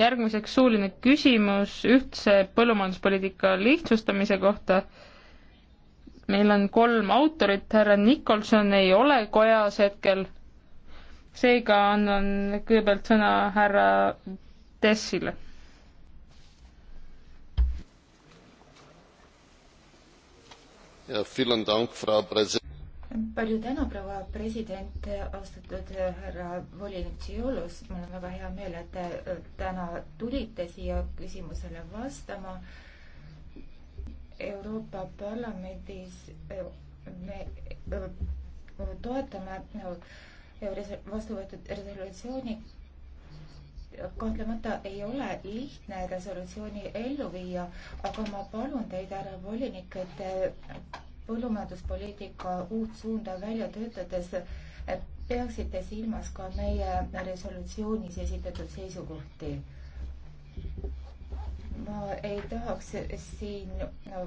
järgmiseks suuline küsimus ühtse põllumajanduspoliitika lihtsustamise kohta. meil on kolm autorit, härra Nikolson ei ole kojas hetkel. seega annan kõigepealt sõna härra Tessile Ja, Dank, frau präsidentin! palju tänu, proua president, austatud härra volinik Tšiolus, mul on väga hea meel, et te äh, täna tulite siia küsimusele vastama. Euroopa Parlamendis äh, me äh, toetame vastu võetud resolutsiooni. kahtlemata ei ole lihtne resolutsiooni ellu viia, aga ma palun teid, härra volinik, et põllumajanduspoliitika uut suunda välja töötades peaksite silmas ka meie resolutsioonis esitatud seisukohti. ma ei tahaks siin no,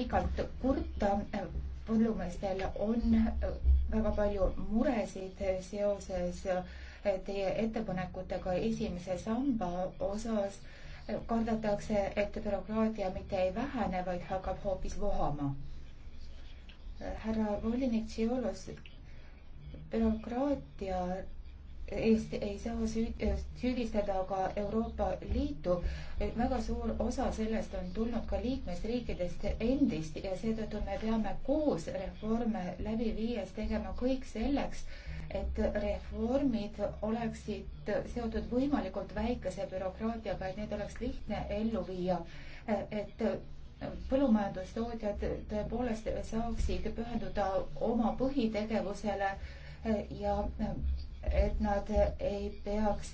pikalt kurta, põllumeestel on väga palju muresid seoses teie ettepanekutega esimese samba osas. kardetakse, et bürokraatia mitte ei vähene, vaid hakkab hoopis vohama härra volinik Tšiolos, bürokraatia eest ei saa süüd, süüdistada ka Euroopa Liitu, et väga suur osa sellest on tulnud ka liikmesriikidest endist ja seetõttu me peame koos reforme läbi viies tegema kõik selleks, et reformid oleksid seotud võimalikult väikese bürokraatiaga, et neid oleks lihtne ellu viia, et põllumajandustootjad tõepoolest saaksid pühenduda oma põhitegevusele eh, ja eh, et nad ei peaks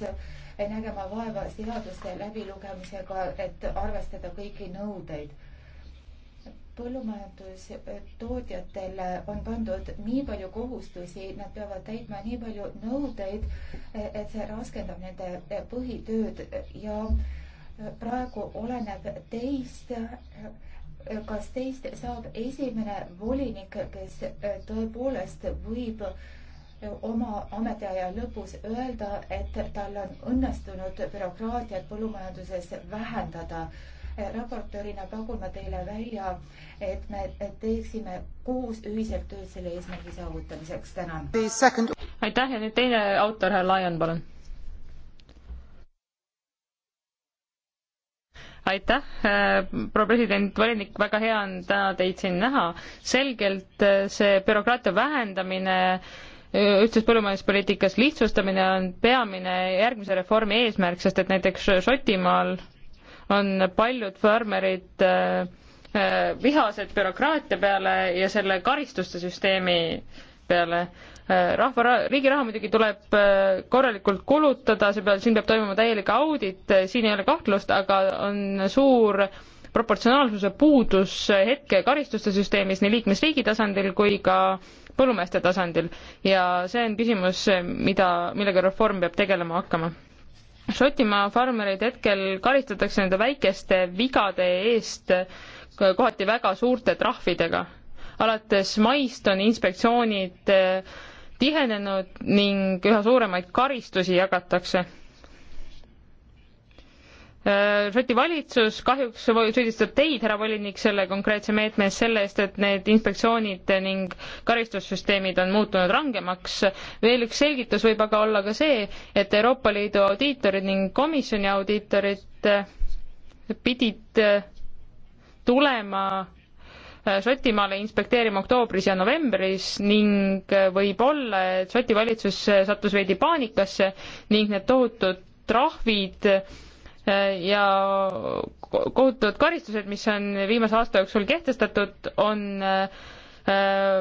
nägema vaeva seaduste läbilugemisega, et arvestada kõiki nõudeid. põllumajandustootjatele on pandud nii palju kohustusi, nad peavad täitma nii palju nõudeid, eh, et see raskendab nende põhitööd ja äh, praegu oleneb teist, kas teist saab esimene volinik, kes eh, tõepoolest võib eh, oma ametiaja lõpus öelda, et tal on õnnestunud bürokraatiat põllumajanduses vähendada. Eh, raportöörina pakun ma teile välja, et me teeksime koos ühiselt tööd selle eesmärgi saavutamiseks. tänan. aitäh ja nüüd teine autor, härra Laian, palun aitäh, äh, proua president, volinik, väga hea on täna teid siin näha. selgelt äh, see bürokraatia vähendamine äh, ühtses põllumajanduspoliitikas lihtsustamine on peamine järgmise reformi eesmärk, sest et näiteks Šotimaal on paljud farmerid vihased bürokraatia peale ja selle karistuste süsteemi peale Äh, rahva ra-, riigi raha muidugi tuleb äh, korralikult kulutada, see peab, siin peab toimuma täielik audit, äh, siin ei ole kahtlust, aga on suur proportsionaalsuse puudus hetke karistuste süsteemis nii liikmesriigi tasandil kui ka põllumeeste tasandil ja see on küsimus, mida, millega reform peab tegelema hakkama. Šotimaa farmereid hetkel karistatakse nende väikeste vigade eest kohati väga suurte trahvidega. alates maist on inspektsioonid äh, tihenenud ning üha suuremaid karistusi jagatakse. Äh, Šoti valitsus kahjuks süüdistab teid, härra volinik, selle konkreetse meetme eest, selle eest, et need inspektsioonid ning karistussüsteemid on muutunud rangemaks. veel üks selgitus võib aga olla ka see, et Euroopa Liidu audiitorid ning komisjoni audiitorid äh, pidid äh, tulema Äh, Šotimaale inspekteerima oktoobris ja novembris ning äh, võib-olla, et Šoti valitsus äh, sattus veidi paanikasse ning need tohutud trahvid ja kohutavad karistused, mis on viimase aasta jooksul kehtestatud, on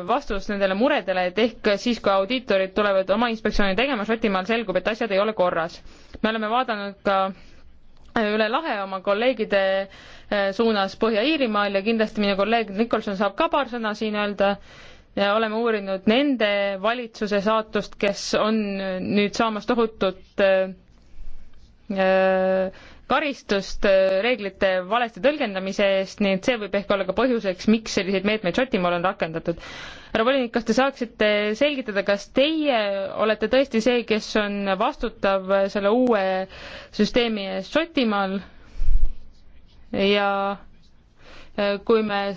vastus nendele muredele, et ehk siis, kui audiitorid tulevad oma inspektsiooni tegema Šotimaal, selgub, et asjad ei ole korras. me oleme vaadanud ka üle lahe oma kolleegide Eh, suunas Põhja-Iirimaal ja kindlasti minu kolleeg Nikolson saab ka paar sõna siin öelda. Ja oleme uurinud nende valitsuse saatust, kes on nüüd saamas tohutut eh, eh, karistust reeglite valesti tõlgendamise eest, nii et see võib ehk olla ka põhjuseks, miks selliseid meetmeid Šotimaal on rakendatud. härra volinik, kas te saaksite selgitada, kas teie olete tõesti see, kes on vastutav selle uue süsteemi eest Šotimaal? ja äh, kui me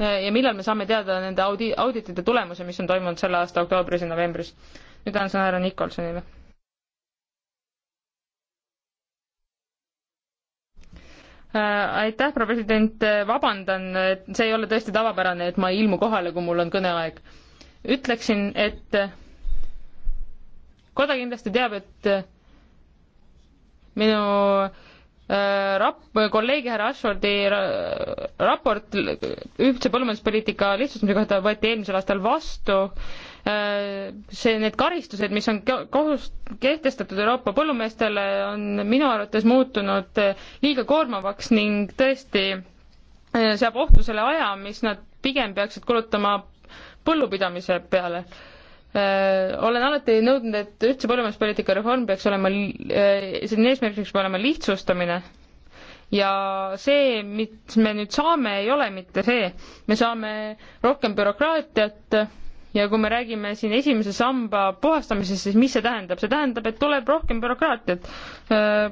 äh, ja millal me saame teada nende audi-, auditite tulemuse, mis on toimunud selle aasta oktoobris ja novembris. nüüd annan sõna härra Nikolsonile. Äh, aitäh, proua president, vabandan, et see ei ole tõesti tavapärane, et ma ei ilmu kohale, kui mul on kõneaeg. ütleksin, et koda kindlasti teab, et minu Äh, rap-, kolleegi härra Ashfordi ra-, raport ühtse põllumajanduspoliitika lihtsustamise kohta võeti eelmisel aastal vastu, äh, see, need karistused, mis on kohus, kehtestatud Euroopa põllumeestele, on minu arvates muutunud äh, liiga koormavaks ning tõesti seab ohtu selle aja, mis nad pigem peaksid kulutama põllupidamise peale Äh, olen alati nõudnud, et ühtse põllumajanduspoliitika reform peaks olema, äh, selline eesmärk peaks olema lihtsustamine. ja see, mis me nüüd saame, ei ole mitte see, me saame rohkem bürokraatiat ja kui me räägime siin esimese samba puhastamisest, siis mis see tähendab, see tähendab, et tuleb rohkem bürokraatiat äh,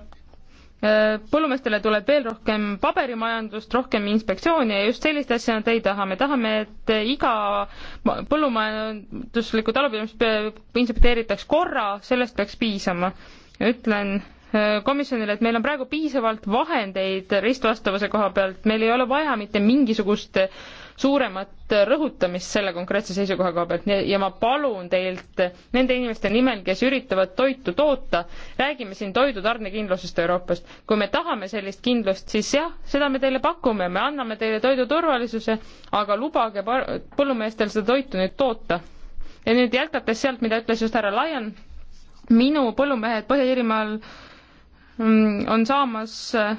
põllumeestele tuleb veel rohkem paberimajandust, rohkem inspektsioone ja just sellist asja nad ei taha. me tahame, et iga põllumajanduslikku talupidamist inspekteeritaks korra, sellest peaks piisama. ütlen äh, komisjonile, et meil on praegu piisavalt vahendeid ristvastavuse koha pealt, meil ei ole vaja mitte mingisugust suuremat rõhutamist selle konkreetse seisukoha koha pealt ja ma palun teilt nende inimeste nimel, kes üritavad toitu toota, räägime siin toidu tarnekindlusest Euroopast. kui me tahame sellist kindlust, siis jah, seda me teile pakume, me anname teile toidu turvalisuse, aga lubage põllumeestel seda toitu nüüd toota. ja nüüd jätkates sealt, mida ütles just härra Laian, minu põllumehed Põhja-Iirimaal mm, on saamas äh,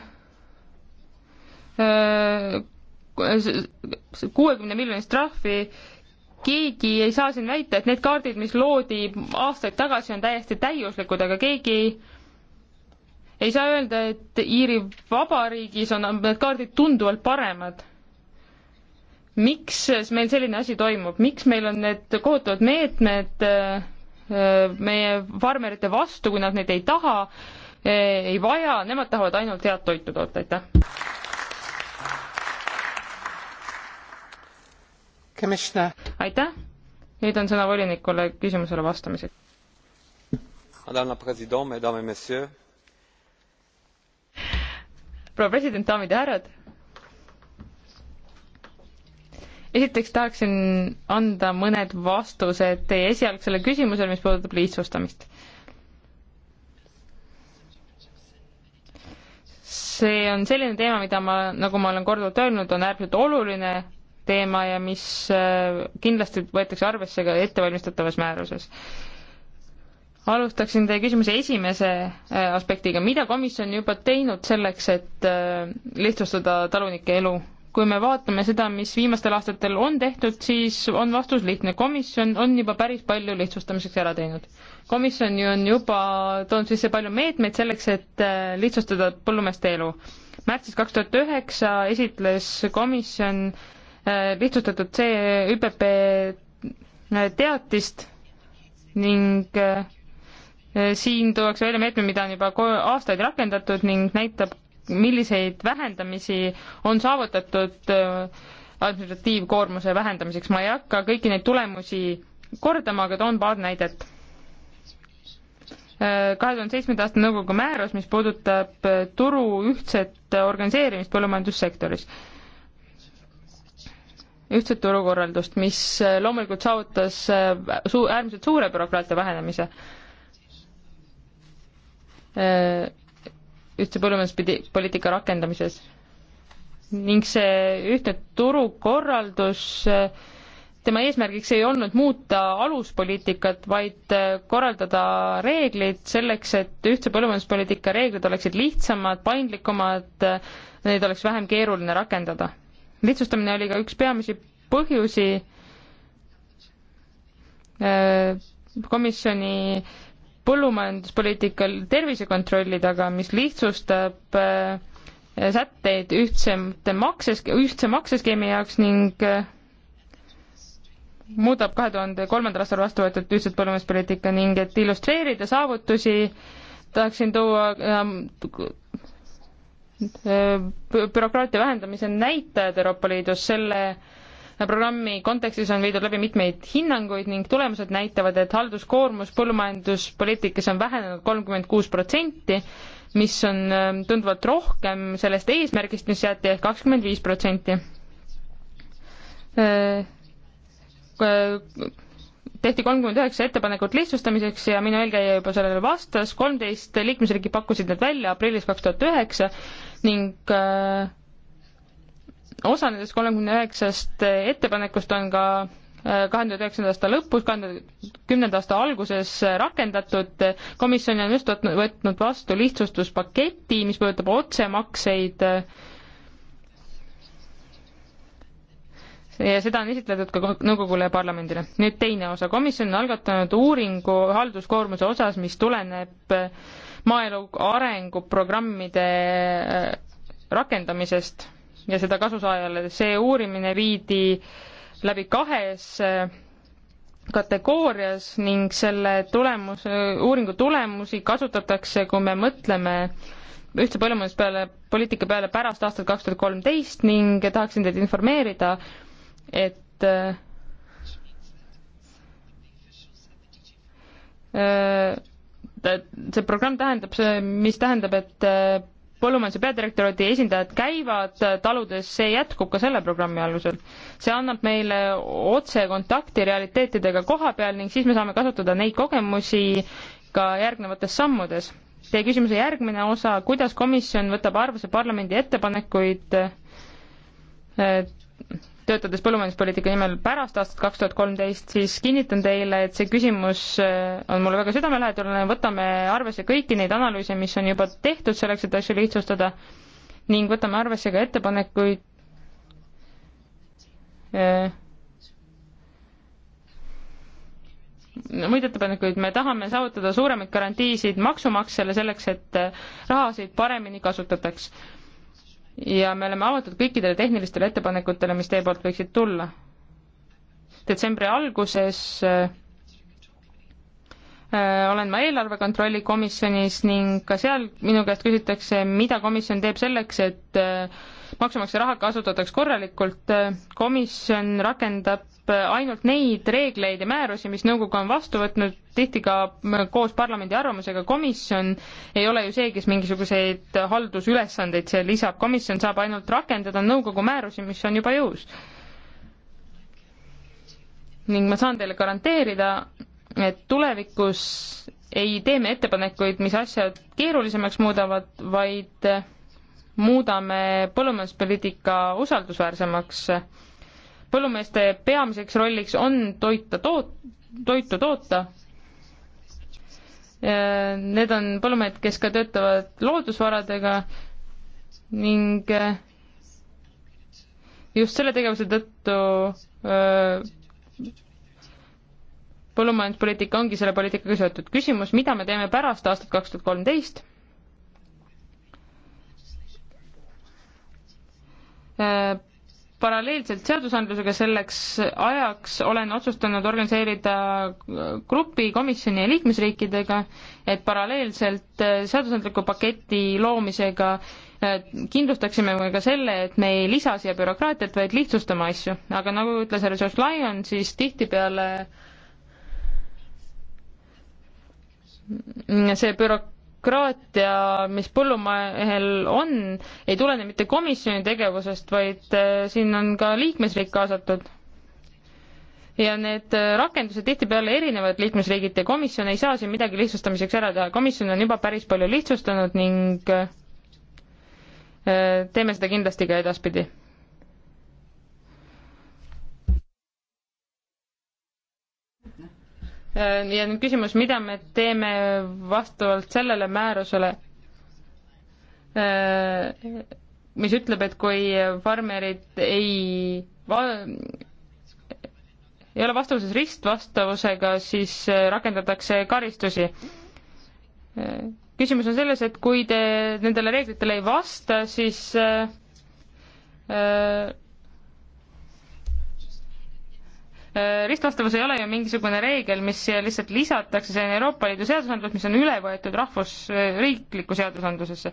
kuuekümne miljonist trahvi, keegi ei saa siin väita, et need kaardid, mis loodi aastaid tagasi, on täiesti täiuslikud, aga keegi ei saa öelda, et Iiri Vabariigis on need kaardid tunduvalt paremad. miks meil selline asi toimub, miks meil on need kohutavad meetmed äh, meie farmerite vastu, kui nad neid ei taha, äh, ei vaja, nemad tahavad ainult head toitu toota, aitäh! aitäh, nüüd on sõna volinikule küsimusele vastamiseks. proua president, daamid ja härrad. esiteks tahaksin anda mõned vastused teie esialgsele küsimusele, mis puudutab lihtsustamist. see on selline teema, mida ma, nagu ma olen korduvalt öelnud, on äärmiselt oluline teema ja mis äh, kindlasti võetakse arvesse ka ettevalmistatavas määruses. alustaksin teie küsimuse esimese äh, aspektiga, mida komisjon juba teinud selleks, et äh, lihtsustada talunike elu? kui me vaatame seda, mis viimastel aastatel on tehtud, siis on vastus lihtne, komisjon on juba päris palju lihtsustamiseks ära teinud. komisjon ju on juba toonud sisse palju meetmeid selleks, et lihtsustada põllumeeste elu märtsis kaks tuhat üheksa esitles komisjon Äh, lihtsustatud C ÜPP teatist ning äh, siin tuuakse välja meetme, mida on juba aastaid rakendatud ning näitab, milliseid vähendamisi on saavutatud äh, administratiivkoormuse vähendamiseks. ma ei hakka kõiki neid tulemusi kordama, aga toon paar näidet. kahe tuhande seitsmenda aasta nõukogu määrus, mis puudutab turu ühtset organiseerimist põllumajandussektoris ühtset turukorraldust, mis äh, loomulikult saavutas äh, suu-, äärmiselt suure bürokraatia vähenemise. Äh, ühtse põllumajanduspoliitika rakendamises. ning see ühtne turukorraldus, tema eesmärgiks ei olnud muuta aluspoliitikat, vaid korraldada reeglid selleks, et ühtse põllumajanduspoliitika reeglid oleksid lihtsamad, paindlikumad, neid oleks vähem keeruline rakendada lihtsustamine oli ka üks peamisi põhjusi äh, komisjoni põllumajanduspoliitikal tervisekontrolli taga, mis lihtsustab äh, sätteid ühtsemate makses, ühtse makseskeemi jaoks ning äh, muudab kahe tuhande kolmandal aastal vastu võetud ühtset põllumajanduspoliitika ning et illustreerida saavutusi, tahaksin tuua Äh, bürokraatia vähendamise näitajad Euroopa Liidus, selle programmi kontekstis on viidud läbi mitmeid hinnanguid ning tulemused näitavad, et halduskoormus põllumajanduspoliitikas on vähenenud kolmkümmend kuus protsenti, mis on ähm, tunduvalt rohkem sellest eesmärgist, mis seati ehk kakskümmend viis protsenti. Äh, äh, tehti kolmkümmend üheksa ettepanekut lihtsustamiseks ja minu eelkäija juba sellele vastas, kolmteist liikmesriiki pakkusid need välja aprillis kaks tuhat üheksa ning äh, osa nendest kolmekümne üheksast ettepanekust on ka äh, kahe tuhande üheksanda aasta lõpus, kahe tuhande kümnenda aasta alguses rakendatud. komisjon on just võtnud vastu lihtsustuspaketi, mis puudutab otsemakseid. ja seda on esitletud ka nõukogule ja parlamendile. nüüd teine osa, komisjon on algatanud uuringu halduskoormuse osas, mis tuleneb äh, maaelu arenguprogrammide äh, rakendamisest ja seda kasusaajale. see uurimine viidi läbi kahes äh, kategoorias ning selle tulemus, äh, uuringu tulemusi kasutatakse, kui me mõtleme ühtse põllumajanduse peale, poliitika peale pärast aastat kaks tuhat kolmteist ning tahaksin teid informeerida, et äh, see programm tähendab, mis tähendab, et äh, põllumajanduse peadirektoraadi esindajad käivad äh, taludes, see jätkub ka selle programmi alusel. see annab meile otsekontakti realiteetidega koha peal ning siis me saame kasutada neid kogemusi ka järgnevates sammudes. Teie küsimuse järgmine osa, kuidas komisjon võtab arvesse parlamendi ettepanekuid äh, töötades põllumajanduspoliitika nimel pärast aastat kaks tuhat kolmteist, siis kinnitan teile, et see küsimus äh, on mulle väga südamelähedane, võtame arvesse kõiki neid analüüse, mis on juba tehtud selleks, et asju lihtsustada ning võtame arvesse ka ettepanekuid äh, muid ettepanekuid, me tahame saavutada suuremaid garantiisid maksumaksjale selleks, et äh, rahasid paremini kasutataks ja me oleme avatud kõikidele tehnilistele ettepanekutele, mis teie poolt võiksid tulla. detsembri alguses äh, äh, olen ma eelarve kontrolli komisjonis ning ka seal minu käest küsitakse, mida komisjon teeb selleks, et äh, maksumaksja raha kasutataks korralikult. komisjon rakendab ainult neid reegleid ja määrusi, mis nõukogu on vastu võtnud, tihti ka koos parlamendi arvamusega. komisjon ei ole ju see, kes mingisuguseid haldusülesandeid siia lisab, komisjon saab ainult rakendada nõukogu määrusi, mis on juba jõus. ning ma saan teile garanteerida, et tulevikus ei tee me ettepanekuid, mis asjad keerulisemaks muudavad, vaid muudame põllumajanduspoliitika usaldusväärsemaks. põllumeeste peamiseks rolliks on toita toot-, toitu toota. Need on põllumehed, kes ka töötavad loodusvaradega ning just selle tegevuse tõttu põllumajanduspoliitika ongi selle poliitikaga seotud. küsimus, mida me teeme pärast aastat kaks tuhat kolmteist Äh, paralleelselt seadusandlusega selleks ajaks olen otsustanud organiseerida äh, grupi komisjoni ja liikmesriikidega, et paralleelselt äh, seadusandliku paketi loomisega kindlustaksime me ka selle, et me ei lisa siia bürokraatiat, vaid lihtsustame asju. aga nagu ütles härra Josh Lyon, siis tihtipeale see büro-, bürokraatia, mis põllumehel on, ei tulene mitte komisjoni tegevusest, vaid äh, siin on ka liikmesriik kaasatud. ja need äh, rakendused tihtipeale erinevad liikmesriigiti ja komisjon ei saa siin midagi lihtsustamiseks ära teha, komisjon on juba päris palju lihtsustanud ning äh, teeme seda kindlasti ka edaspidi Äh, ja nüüd küsimus, mida me teeme vastavalt sellele määrusele, äh, mis ütleb, et kui farmerid ei va-, ei ole vastavuses ristvastavusega, siis äh, rakendatakse karistusi. küsimus on selles, et kui te nendele reeglitele ei vasta, siis äh, Äh, ristvastavus ei ole ju mingisugune reegel, mis siia lihtsalt lisatakse, see on Euroopa Liidu seadusandlus, mis on üle võetud rahvusriiklikku seadusandlusesse.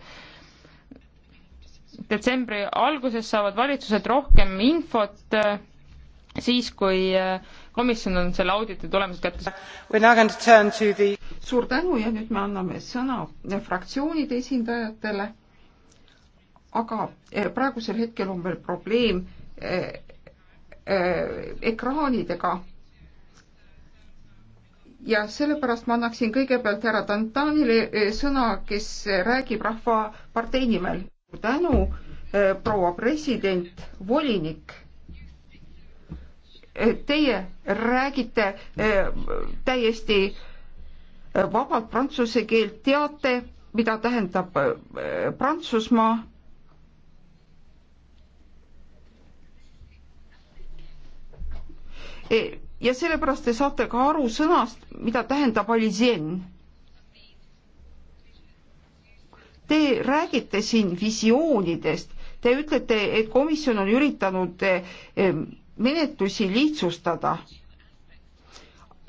detsembri alguses saavad valitsused rohkem infot äh, siis, kui äh, komisjon on selle auditi tulemused kätte saanud. The... suur tänu ja nüüd me anname sõna fraktsioonide esindajatele. aga praegusel hetkel on veel probleem Äh, ekraanidega. ja sellepärast ma annaksin kõigepealt härra Dantanile äh, sõna, kes räägib Rahvapartei nimel. tänu, äh, proua president, volinik teie räägite täiesti vabalt prantsuse keelt, teate, mida tähendab Prantsusmaa E, ja sellepärast te saate ka aru sõnast, mida tähendab alisien. Te räägite siin visioonidest, te ütlete, et komisjon on üritanud e, e, menetlusi lihtsustada.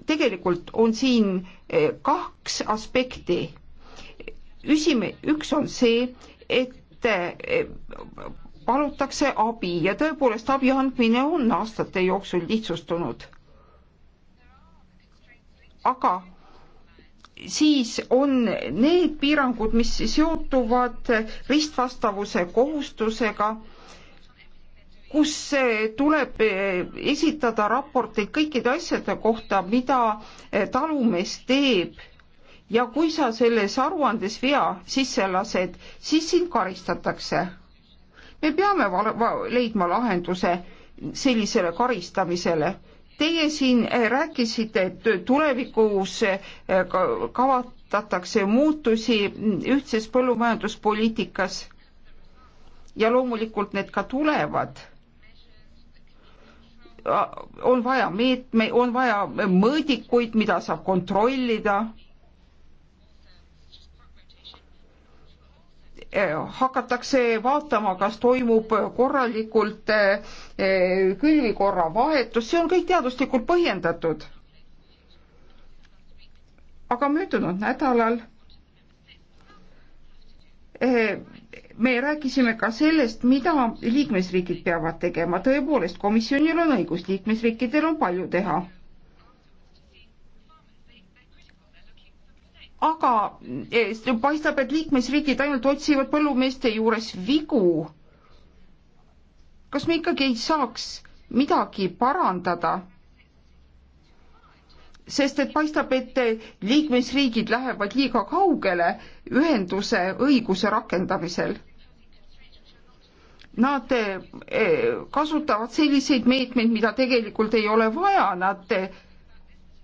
tegelikult on siin kaks aspekti. üsime, üks on see, et palutakse abi ja tõepoolest abi andmine on aastate jooksul lihtsustunud. aga siis on need piirangud, mis seotuvad ristvastavuse kohustusega, kus tuleb esitada raporteid kõikide asjade kohta, mida talumees teeb ja kui sa selles aruandes vea sisse lased, siis sind karistatakse me peame leidma lahenduse sellisele karistamisele. Teie siin eh, rääkisite, et tulevikus eh, kavatatakse muutusi ühtses põllumajanduspoliitikas ja loomulikult need ka tulevad on vaja meetme, on vaja mõõdikuid, mida saab kontrollida Eh, hakatakse vaatama, kas toimub korralikult eh, eh, külvikorra vahetus, see on kõik teaduslikult põhjendatud. aga möödunud nädalal me rääkisime ka sellest, mida liikmesriigid peavad tegema, tõepoolest, komisjonil on õigus, liikmesriikidel on palju teha aga eh, paistab, et liikmesriigid ainult otsivad põllumeeste juures vigu. kas me ikkagi ei saaks midagi parandada? sest et paistab, et liikmesriigid lähevad liiga kaugele ühenduse õiguse rakendamisel. Nad eh, kasutavad selliseid meetmeid, mida tegelikult ei ole vaja, nad eh,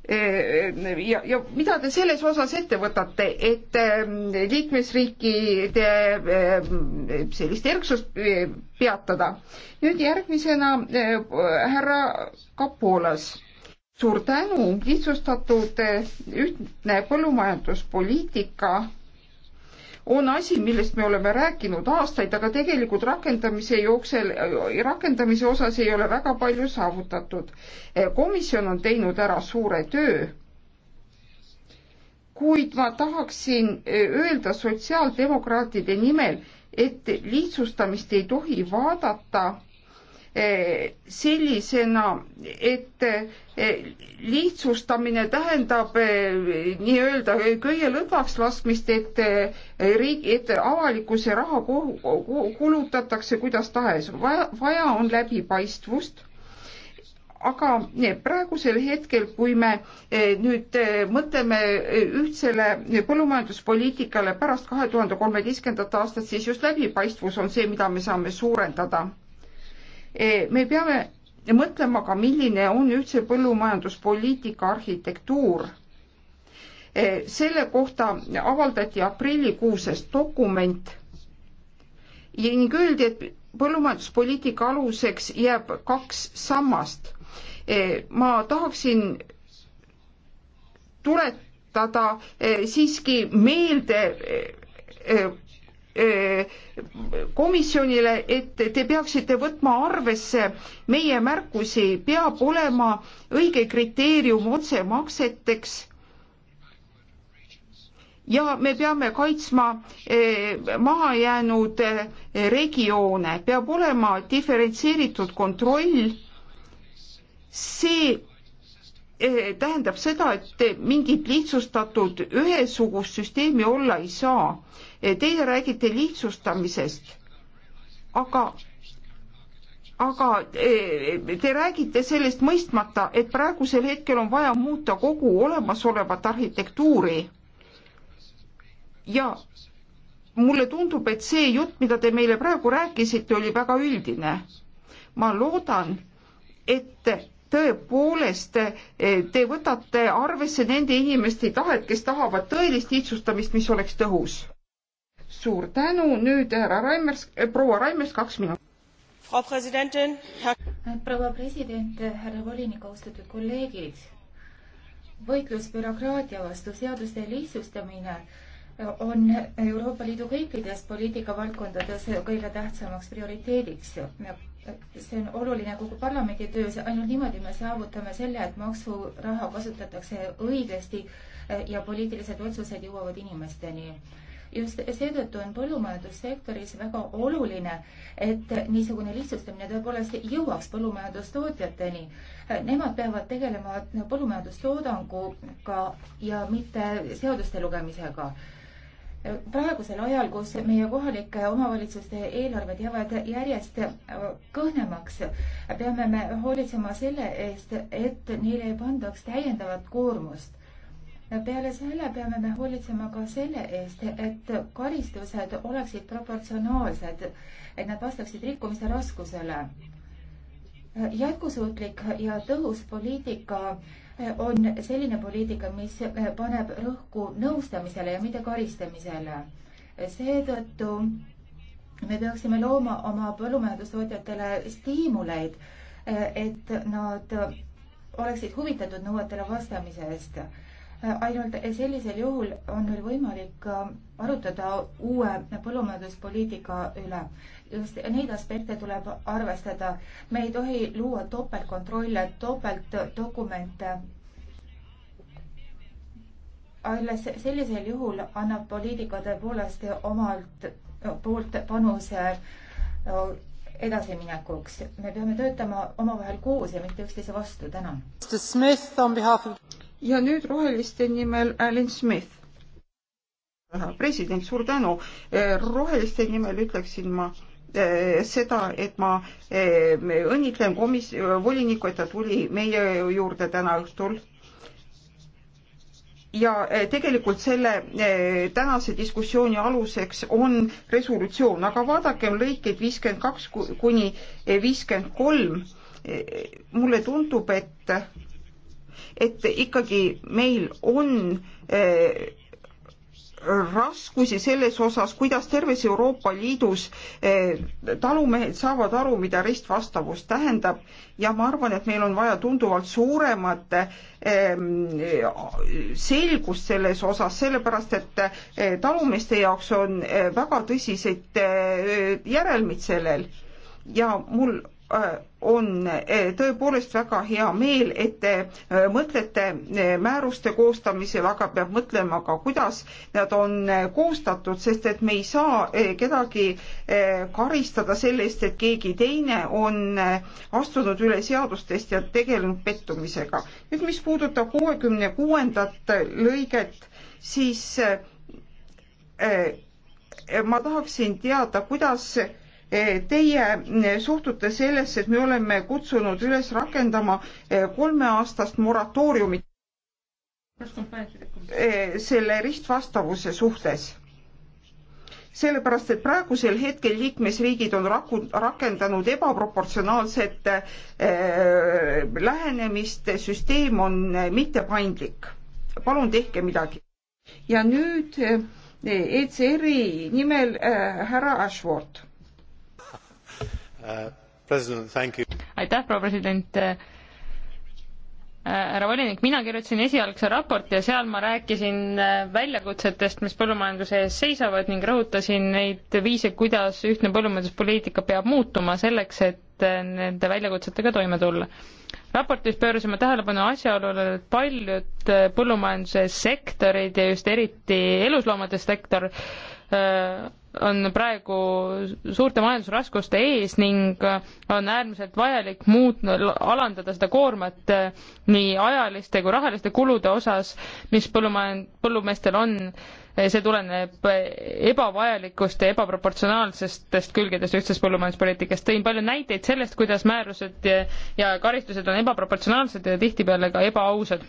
Äh, ja, ja mida te selles osas ette võtate, et ähm, liikmesriikide ähm, sellist erksust äh, peatada? nüüd järgmisena äh, härra Kapulas, suur tänu, lihtsustatud ühtne põllumajanduspoliitika on asi, millest me oleme rääkinud aastaid, aga tegelikult rakendamise jooksul, rakendamise osas ei ole väga palju saavutatud. komisjon on teinud ära suure töö, kuid ma tahaksin öelda sotsiaaldemokraatide nimel, et lihtsustamist ei tohi vaadata sellisena, et eh, lihtsustamine tähendab eh, nii-öelda köie lõdvaks laskmist, et eh, riik, et avalikkuse raha kulutatakse kuidas tahes, vaja, vaja on läbipaistvust aga praegusel hetkel, kui me nüüd mõtleme ühtsele põllumajanduspoliitikale pärast kahe tuhande kolmeteistkümnendat aastat, siis just läbipaistvus on see, mida me saame suurendada E, me peame mõtlema ka, milline on üldse põllumajanduspoliitika arhitektuur. E, selle kohta avaldati aprillikuuses dokument ning öeldi, et põllumajanduspoliitika aluseks jääb kaks sammast. E, ma tahaksin tuletada siiski meelde Äh, komisjonile, et te peaksite võtma arvesse meie märkusi, peab olema õige kriteerium otsemakseteks ja me peame kaitsma äh, mahajäänud äh, regioone, peab olema diferentseeritud kontroll, see Eh, tähendab seda, et mingit lihtsustatud ühesugust süsteemi olla ei saa. Eh, teie räägite lihtsustamisest, aga aga eh, te räägite sellest mõistmata, et praegusel hetkel on vaja muuta kogu olemasolevat arhitektuuri. ja mulle tundub, et see jutt, mida te meile praegu rääkisite, oli väga üldine. ma loodan, et tõepoolest eh, te võtate arvesse nende inimeste tahet, kes tahavad tõelist lihtsustamist, mis oleks tõhus. suur tänu, nüüd eh, härra Raimers, eh, proua Raimers, kaks minutit. proua president, härra volinik, austatud kolleegid. võitlus bürokraatia vastu, seaduste lihtsustamine on Euroopa Liidu kõikides poliitikavaldkondades kõige tähtsamaks prioriteediks see on oluline kogu parlamendi töös, ainult niimoodi me saavutame selle, et maksuraha kasutatakse õigesti eh, ja poliitilised otsused jõuavad inimesteni. just seetõttu on põllumajandussektoris väga oluline, et niisugune lihtsustamine tõepoolest jõuaks põllumajandustootjateni. Eh, nemad peavad tegelema põllumajandustoodanguga ja mitte seaduste lugemisega praegusel ajal, kus meie kohalike omavalitsuste eelarved jäävad järjest äh, kõhnemaks, peame me hoolitsema selle eest, et neile ei pandaks täiendavat koormust peale selle peame me hoolitsema ka selle eest, et karistused oleksid proportsionaalsed, et nad vastaksid rikkumise raskusele. jätkusuutlik ja tõhus poliitika on selline poliitika, mis eh, paneb rõhku nõustamisele ja mitte karistamisele. seetõttu me peaksime looma oma põllumajandustootjatele stiimuleid, eh, et nad oleksid huvitatud nõuetele vastamisest Äh, ainult sellisel juhul on meil võimalik äh, arutada uue põllumajanduspoliitika üle. just neid aspekte tuleb arvestada. me ei tohi luua topeltkontrolle, topeltdokumente. alles sellisel juhul annab poliitika tõepoolest omalt poolt panuse äh, edasiminekuks. me peame töötama omavahel koos ja mitte üksteise vastu. tänan ja nüüd roheliste nimel Alan Smith. president, suur tänu. E, roheliste nimel ütleksin ma e, seda, et ma e, õnnitlen komis-, volinikku, et ta tuli meie juurde täna õhtul ja tegelikult selle tänase diskussiooni aluseks on resolutsioon, aga vaadakem lõikeid viiskümmend kaks kuni viiskümmend kolm. mulle tundub, et et ikkagi meil on äh, raskusi selles osas, kuidas terves Euroopa Liidus äh, talumehed saavad aru, mida ristvastavus tähendab ja ma arvan, et meil on vaja tunduvalt suuremat äh, selgust selles osas, sellepärast et talumeeste jaoks on väga tõsiseid järelmid sellel ja mul on eh, tõepoolest väga hea meel, et te eh, mõtlete eh, määruste koostamisel, aga peab mõtlema ka, kuidas nad on koostatud, sest et me ei saa kedagi karistada selle eest, et keegi teine on astunud üle seadustest ja tegelenud pettumisega. nüüd, mis puudutab kuuekümne kuuendat lõiget, siis ma tahaksin teada, kuidas Eh, teie eh, suhtute sellesse, et me oleme kutsunud üles rakendama eh, kolmeaastast moratooriumit selle ristvastavuse suhtes sellepärast, et praegusel hetkel liikmesriigid on raku-, rakendanud ebaproportsionaalset äh, lähenemist, süsteem on mittepaindlik. palun tehke midagi. ja nüüd ECR-i e nimel äh, härra Ashworth Uh, aitäh, proua president uh, härra volinik, mina kirjutasin esialgse raporti ja seal ma rääkisin uh, väljakutsetest, mis põllumajanduse ees seisavad ning rõhutasin neid viise, kuidas ühtne põllumajanduspoliitika peab muutuma selleks, et nende väljakutsetega toime tulla. raportis pöörasime tähelepanu asjaolule, et paljud põllumajanduse sektorid ja just eriti elusloomade sektor on praegu suurte majandusraskuste ees ning on äärmiselt vajalik muut-, alandada seda koormat eh, nii ajaliste kui rahaliste kulude osas, mis põllumajand-, põllumeestel on. Eh, see tuleneb ebavajalikust ja ebaproportsionaalsetest külgedest ühtsest põllumajanduspoliitikast. tõin palju näiteid sellest, kuidas määrused ja, ja karistused on ebaproportsionaalsed ja tihtipeale ka ebaausad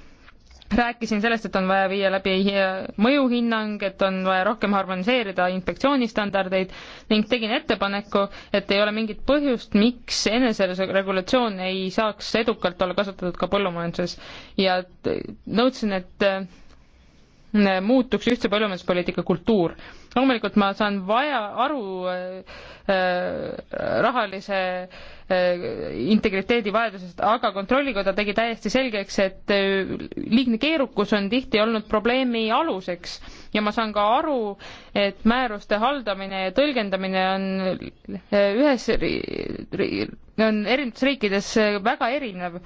rääkisin sellest, et on vaja viia läbi äh, mõjuhinnang, et on vaja rohkem harmoniseerida inspektsioonistandardeid ning tegin ettepaneku, et ei ole mingit põhjust, miks eneseregulatsioon ei saaks edukalt olla kasutatud ka põllumajanduses ja äh, nõudsin, et äh, muutuks ühtse põllumajanduspoliitika kultuur. loomulikult ma saan vaja, aru äh, äh, rahalise äh, integriteedi vajadusest, aga Kontrollikoda tegi täiesti selgeks, et äh, liigne keerukus on tihti olnud probleemi aluseks ja ma saan ka aru, et määruste haldamine ja tõlgendamine on äh, ühes, on erinevates riikides äh, väga erinev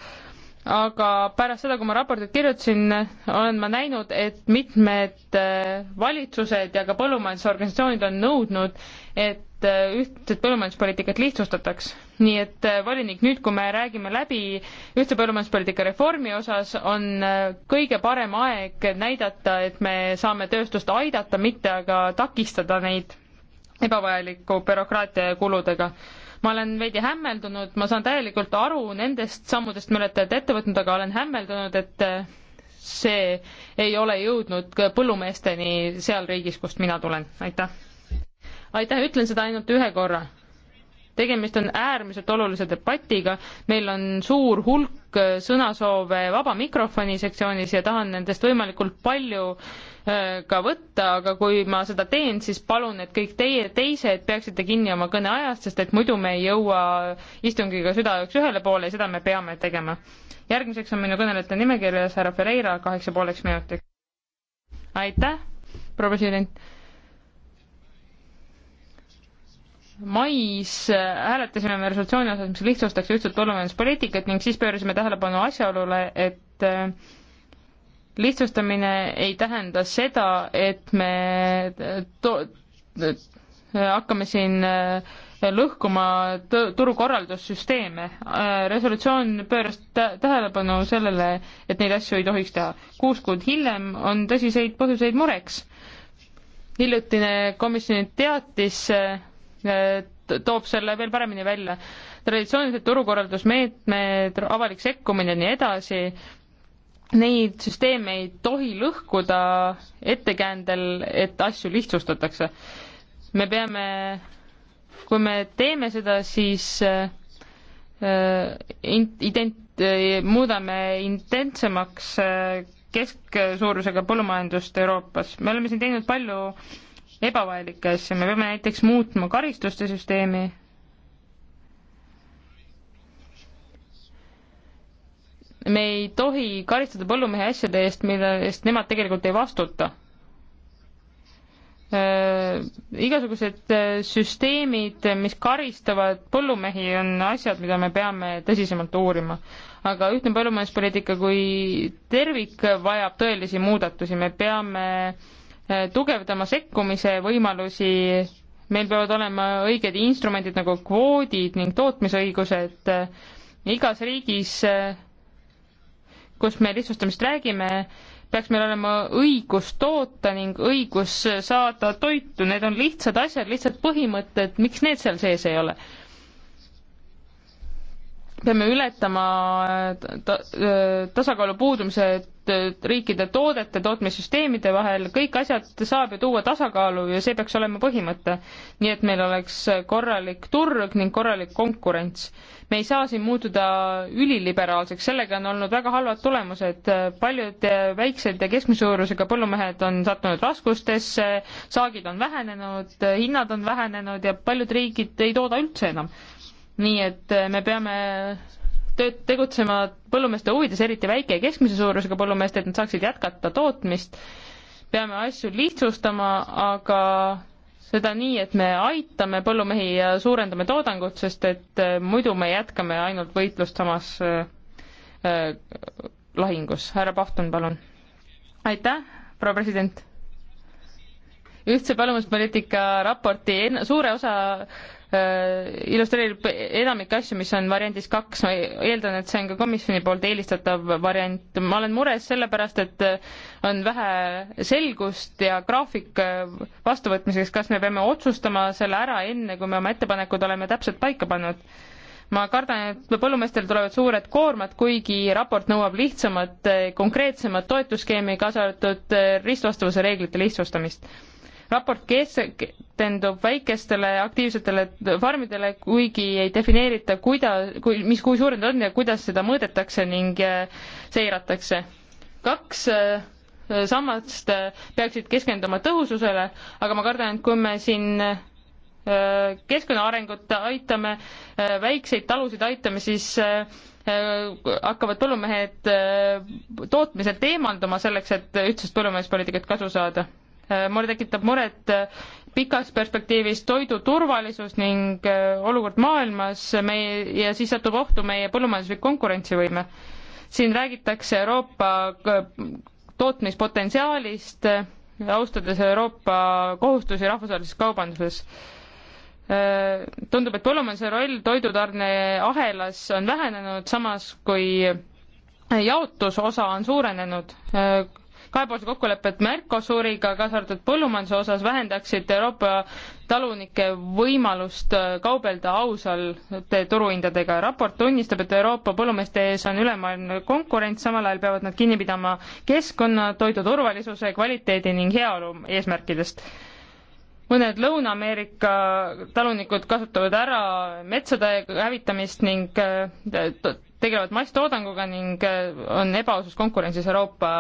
aga pärast seda, kui ma raportit kirjutasin, olen ma näinud, et mitmed äh, valitsused ja ka põllumajandusorganisatsioonid on nõudnud, et äh, ühtset põllumajanduspoliitikat lihtsustataks. nii et äh, volinik, nüüd kui me räägime läbi ühtse põllumajanduspoliitika reformi osas, on kõige parem aeg näidata, et me saame tööstust aidata, mitte aga takistada neid ebavajaliku bürokraatia ja kuludega ma olen veidi hämmeldunud, ma saan täielikult aru nendest sammudest, mille te olete ette võtnud, aga olen hämmeldunud, et eh, see ei ole jõudnud põllumeesteni seal riigis, kust mina tulen. aitäh! aitäh, ütlen seda ainult ühe korra tegemist on äärmiselt olulise debatiga, meil on suur hulk äh, sõnasoove vaba mikrofoni sektsioonis ja tahan nendest võimalikult palju äh, ka võtta, aga kui ma seda teen, siis palun, et kõik teie teised peaksite kinni oma kõneajast, sest et muidu me ei jõua istungiga südaööks ühele poole ja seda me peame tegema. järgmiseks on minu kõnelejate nimekirjas härra Ferreira kaheksa pooleks minutiks. aitäh, proua president mais äh, hääletasime me resolutsiooni osas, mis lihtsustaks ühtset põllumajanduspoliitikat ning siis pöörasime tähelepanu asjaolule, et äh, lihtsustamine ei tähenda seda, et me to-, hakkame siin äh, lõhkuma turukorraldussüsteeme. resolutsioon pööras tähelepanu sellele, et neid asju ei tohiks teha. kuus kuud hiljem on tõsiseid põhjuseid mureks. hiljutine komisjoni teatis toob selle veel paremini välja. traditsioonilised turukorraldusmeetmed, avalik sekkumine ja nii edasi, neid süsteeme ei tohi lõhkuda ettekäändel, et asju lihtsustatakse. me peame, kui me teeme seda, siis äh, ident-, äh, muudame intentsemaks äh, kesksuurusega põllumajandust Euroopas. me oleme siin teinud palju äh, ebavajalikke asju, me peame näiteks muutma karistuste süsteemi. me ei tohi karistada põllumehe asjade eest, mille eest nemad tegelikult ei vastuta äh,. igasugused äh, süsteemid, mis karistavad põllumehi, on asjad, mida me peame tõsisemalt uurima aga ühtne põllumajanduspoliitika kui tervik vajab tõelisi muudatusi, me peame tugevdama sekkumise võimalusi, meil peavad olema õiged instrumendid nagu kvoodid ning tootmisõigused igas riigis, kus me lihtsustamist räägime, peaks meil olema õigus toota ning õigus saada toitu, need on lihtsad asjad, lihtsad põhimõtted, miks need seal sees ei ole? peame ületama äh, ta, äh, tasakaalu puudumise riikide toodete, tootmissüsteemide vahel, kõik asjad saab ju tuua tasakaalu ja see peaks olema põhimõte. nii et meil oleks korralik turg ning korralik konkurents. me ei saa siin muutuda üliliberaalseks, sellega on olnud väga halvad tulemused, paljud väiksed ja keskmise suurusega põllumehed on sattunud raskustesse, saagid on vähenenud, hinnad on vähenenud ja paljud riigid ei tooda üldse enam nii et eh, me peame tööd tegutsema põllumeeste huvides, eriti väike ja keskmise suurusega põllumeeste, et nad saaksid jätkata tootmist. peame asju lihtsustama, aga seda nii, et me aitame põllumehi ja suurendame toodangut, sest et eh, muidu me jätkame ainult võitlust samas äh, lahingus. härra Pahtun, palun. aitäh, proua president. ühtse põllumajanduspoliitika raporti suure osa Äh, illustreerib enamik asju, mis on variandis kaks, ma eeldan, et see on ka komisjoni poolt eelistatav variant. ma olen mures sellepärast, et äh, on vähe selgust ja graafik äh, vastuvõtmiseks, kas me peame otsustama selle ära enne, kui me oma ettepanekud oleme täpselt paika pannud. ma kardan, et põllumeestel tulevad suured koormad, kuigi raport nõuab lihtsamat, konkreetsemat toetusskeemi, kaasa arvatud ristvastavuse reeglite lihtsustamist raport keskendub väikestele aktiivsetele farmidele, kuigi ei defineerita, kuida-, kui, mis, kui suured nad on ja kuidas seda mõõdetakse ning äh, seiratakse. kaks äh, sammast äh, peaksid keskenduma tõhususele, aga ma kardan, et kui me siin keskkonnaarengut aitame, väikseid talusid aitame, siis hakkavad põllumehed tootmiselt eemalduma selleks, et ühtsest põllumajanduspoliitikat kasu saada. Eh, mulle tekitab muret eh, pikas perspektiivis toidu turvalisus ning eh, olukord maailmas meie ja siis satub ohtu meie põllumajanduslik konkurentsivõime. siin räägitakse Euroopa tootmispotentsiaalist, austades Euroopa kohustusi rahvusvahelises kaubanduses tundub, et põllumajanduse roll toidutarneahelas on vähenenud, samas kui jaotusosa on suurenenud kahepoolse kokkulepet Mercosuriga, kaasa arvatud põllumajanduse osas, vähendaksid Euroopa talunike võimalust äh, kaubelda ausate turuhindadega. raport tunnistab, et Euroopa põllumeeste ees on ülemaailmne konkurents, samal ajal peavad nad kinni pidama keskkonna, toidu turvalisuse, kvaliteedi ning heaolu eesmärkidest mõned Lõuna-Ameerika talunikud kasutavad ära metsade hävitamist ning äh, tegelevad masstoodanguga ning äh, on ebaausus konkurentsis Euroopa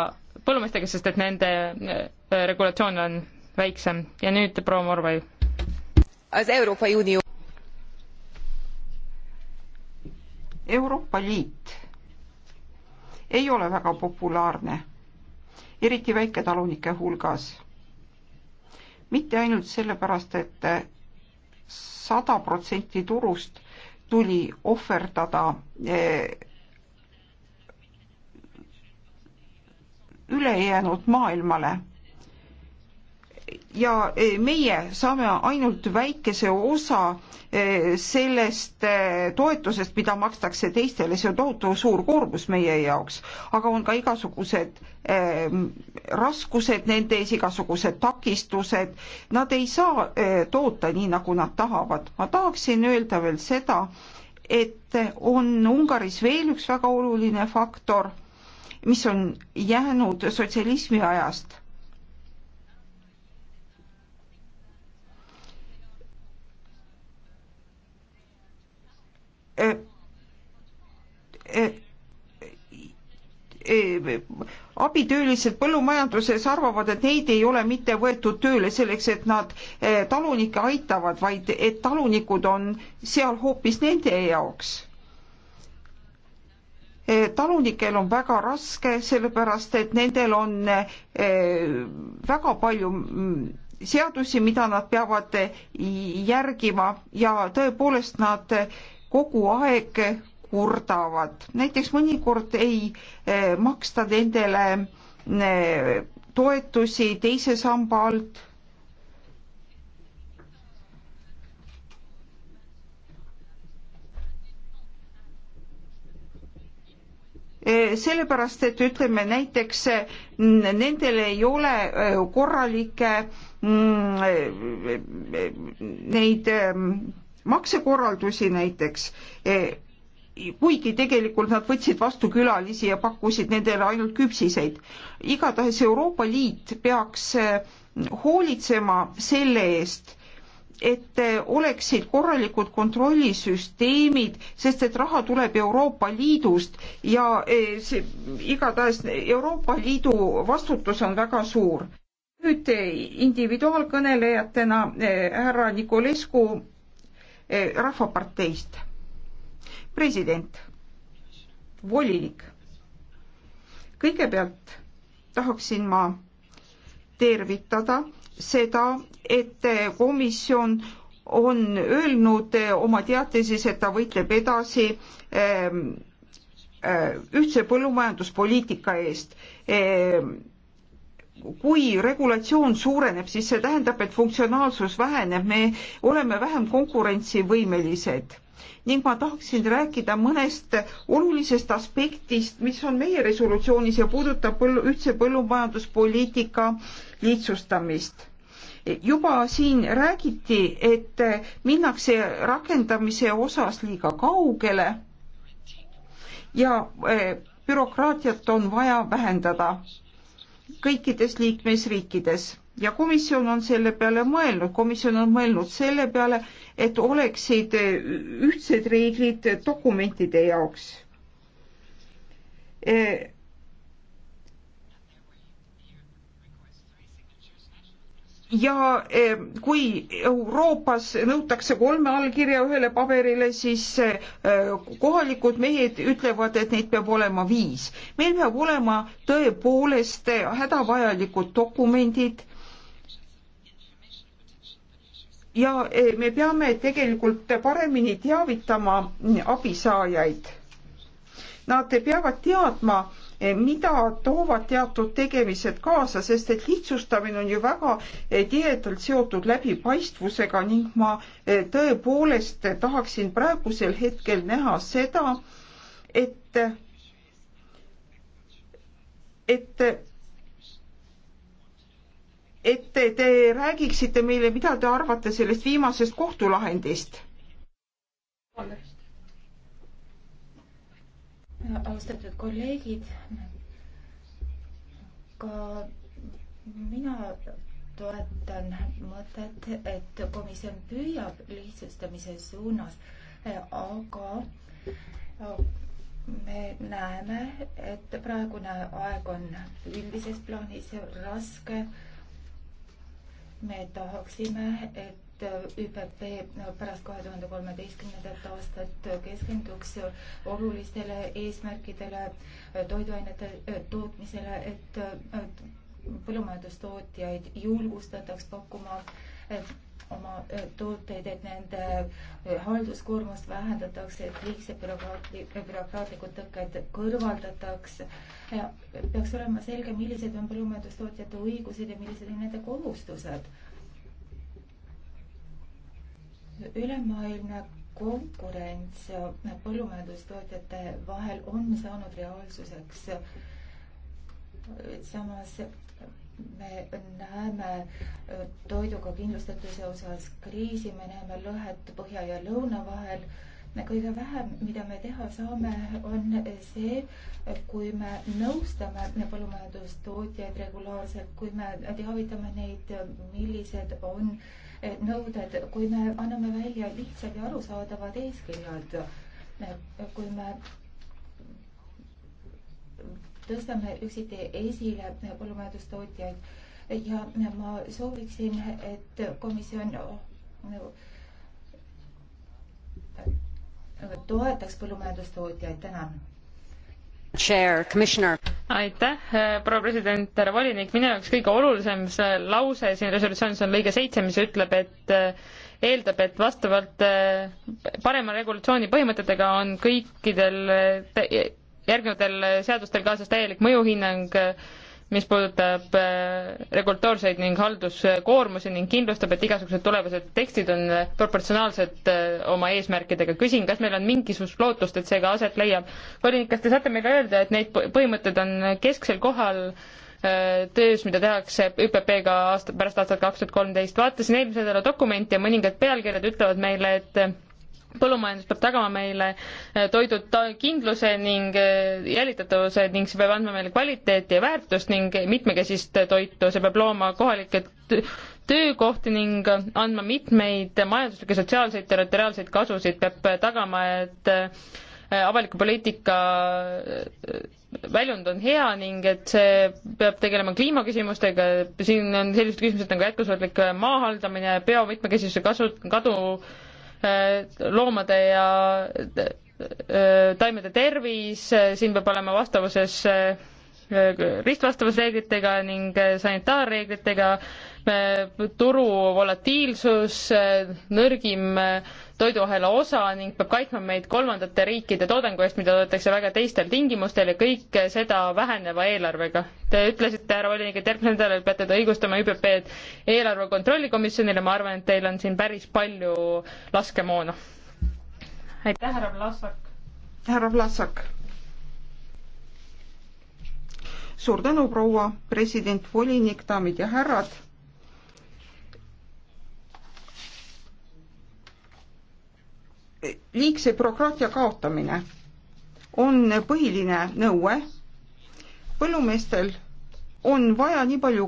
põllumeestega, sest et nende äh, regulatsioon on väiksem ja nüüd proua Morvai. Euroopa Liit ei ole väga populaarne, eriti väiketalunike hulgas. mitte ainult sellepärast et, et sada protsenti turust tuli ohverdada eh, ülejäänud maailmale. ja e, meie saame ainult väikese osa e, sellest e, toetusest, mida makstakse teistele, see on tohutu suur koormus meie jaoks, aga on ka igasugused raskused nende ees, igasugused takistused, nad ei saa toota nii, nagu nad tahavad. ma tahaksin öelda veel seda, et on Ungaris veel üks väga oluline faktor mis on jäänud sotsialismi ajast. Äh, äh, äh, abitöölised põllumajanduses arvavad, et neid ei ole mitte võetud tööle selleks, et nad talunikke aitavad, vaid et talunikud on seal hoopis nende jaoks Eh, talunikel on väga raske, sellepärast et nendel on eh, väga palju mm, seadusi, mida nad peavad eh, järgima ja tõepoolest nad kogu aeg kurdavad. näiteks mõnikord ei maksta nendele toetusi teise samba alt sellepärast et ütleme näiteks mm, nendel ei ole e, korralikke mm, neid mm, maksekorraldusi näiteks e, kuigi tegelikult nad võtsid vastu külalisi ja pakkusid nendele ainult küpsiseid. igatahes Euroopa Liit peaks e, hoolitsema selle eest, et oleksid korralikud kontrollisüsteemid, sest et raha tuleb Euroopa Liidust ja e, see, igatahes Euroopa Liidu vastutus on väga suur. nüüd e, individuaalkõnelejatena e, härra Nikolescu Rahvaparteist. president, volinik, kõigepealt tahaksin ma tervitada seda, et komisjon on öelnud oma teatises, et ta võitleb edasi ähm, äh, ühtse põllumajanduspoliitika eest. Ähm, kui regulatsioon suureneb, siis see tähendab, et funktsionaalsus väheneb, me oleme vähem konkurentsivõimelised ning ma tahaksin rääkida mõnest olulisest aspektist, mis on meie resolutsioonis ja puudutab põllu, ühtse põllumajanduspoliitika lihtsustamist juba siin räägiti, et minnakse rakendamise osas liiga kaugele ja e, bürokraatiat on vaja vähendada kõikides liikmesriikides ja komisjon on selle peale mõelnud, komisjon on mõelnud selle peale, et oleksid ühtsed reeglid dokumentide jaoks. E, ja e, kui Euroopas nõutakse kolme allkirja ühele paberile, siis e, kohalikud mehed ütlevad, et neid peab olema viis. meil peab olema tõepoolest hädavajalikud dokumendid ja eh, me peame tegelikult paremini teavitama abisaajaid. Nad peavad teadma, eh, mida toovad teatud tegemised kaasa, sest et lihtsustamine on ju väga eh, tihedalt seotud läbipaistvusega ning ma tõepoolest tahaksin praegusel hetkel näha seda, et, et et te räägiksite meile, mida te arvate sellest viimasest kohtulahendist? austatud kolleegid, ka mina toetan mõtet, et komisjon püüab lihtsustamise suunas, aga me näeme, et praegune aeg on üldises plaanis raske me tahaksime, et ÜPP pärast kahe tuhande kolmeteistkümnendat aastat keskenduks olulistele eesmärkidele, toiduainete tootmisele, et põllumajandustootjaid julgustataks pakkuma oma tooteid, et nende halduskoormust vähendatakse, et liigsed bürokraatli-, bürokraatlikud tõkked kõrvaldatakse. peaks olema selge, millised on põllumajandustootjate õigused ja millised on nende kohustused. ülemaailmne konkurents põllumajandustootjate vahel on saanud reaalsuseks. samas me näeme äh, toiduga kindlustatuse osas kriisi, me näeme lõhet põhja ja lõuna vahel. kõige vähem, mida me teha saame, on see, kui me nõustame põllumajandustootjaid regulaarselt, kui me teavitame neid, millised on äh, nõuded, kui me anname välja lihtsad ja arusaadavad eeskirjad, kui me tõstame üksiti esile põllumajandustootjaid ja ma sooviksin, et komisjon no, nagu, toetaks põllumajandustootjaid, tänan aitäh, proua president, härra volinik, minu jaoks kõige olulisem see lause siin resolutsioonis on lõige seitse, mis ütleb, et eeldab, et vastavalt parema regulatsiooni põhimõtetega on kõikidel järgnevatel seadustel kaasas täielik mõjuhinnang, mis puudutab äh, regulatoorseid ning halduskoormusi ning kindlustab, et igasugused tulevased tekstid on äh, proportsionaalsed äh, oma eesmärkidega. küsin, kas meil on mingisugust lootust, et see ka aset leiab? volinik, kas te saate meile öelda, et neid põhimõtteid on kesksel kohal töös, mida tehakse ÜPP-ga aasta, pärast aastat kaks tuhat kolmteist. vaatasin eelmise nädala dokumenti ja mõningad pealkirjad ütlevad meile, et põllumajandus peab tagama meile eh, toidu kindluse ning eh, jälitatavuse ning see peab andma meile kvaliteeti ja väärtust ning mitmekesist toitu, see peab looma kohalikke töökohti ning andma mitmeid majanduslikke, sotsiaalseid, territoriaalseid kasusid, peab tagama, et eh, avaliku poliitika väljund on hea ning et see peab tegelema kliimaküsimustega, siin on sellised küsimused nagu jätkusuutlik maa haldamine, bio mitmekesisuse kasu, kadu Äh, loomade ja äh, taimede tervis, äh, siin peab olema vastavuses ristvastavusreeglitega ning sanitaarreeglitega turu volatiilsus, nõrgim toiduahela osa ning peab kaitsma meid kolmandate riikide toodangu eest, mida toodetakse väga teistel tingimustel ja kõik seda väheneva eelarvega. Te ütlesite, härra volinik, et järgmisel nädalal peate te õigustama ÜPP-d eelarve kontrollikomisjonile, ma arvan, et teil on siin päris palju laskemoona. aitäh, härra Vlasak. härra Vlasak. suur tänu, proua president, volinik, daamid ja härrad liigse bürokraatia kaotamine on põhiline nõue. põllumeestel on vaja nii palju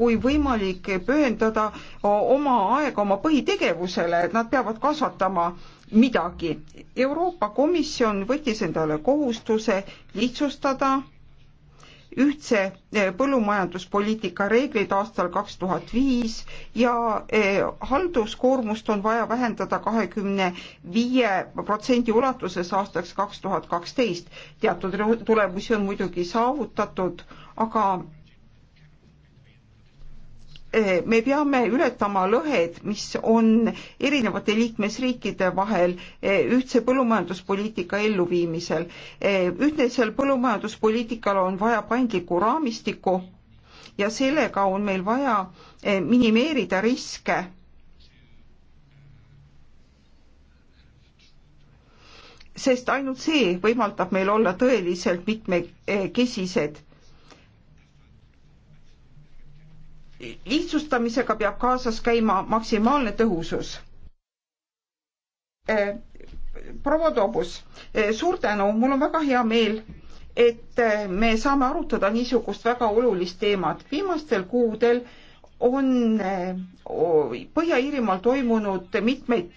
kui võimalik pühendada oma aega oma põhitegevusele, et nad peavad kasvatama midagi. Euroopa Komisjon võttis endale kohustuse lihtsustada ühtse eh, põllumajanduspoliitika reeglid aastal kaks tuhat viis ja eh, halduskoormust on vaja vähendada kahekümne viie protsendi ulatuses aastaks kaks tuhat kaksteist. teatud tulemusi on muidugi saavutatud, aga Eh, me peame ületama lõhed, mis on erinevate liikmesriikide vahel eh, ühtse põllumajanduspoliitika elluviimisel. Eh, ühtlasel põllumajanduspoliitikal on vaja paindlikku raamistikku ja sellega on meil vaja minimeerida riske. sest ainult see võimaldab meil olla tõeliselt mitmekesised lihtsustamisega peab kaasas käima maksimaalne tõhusus. Eh, proua Toobus, eh, suur tänu, mul on väga hea meel, et eh, me saame arutada niisugust väga olulist teemat. viimastel kuudel on Põhja-Iirimaal toimunud mitmeid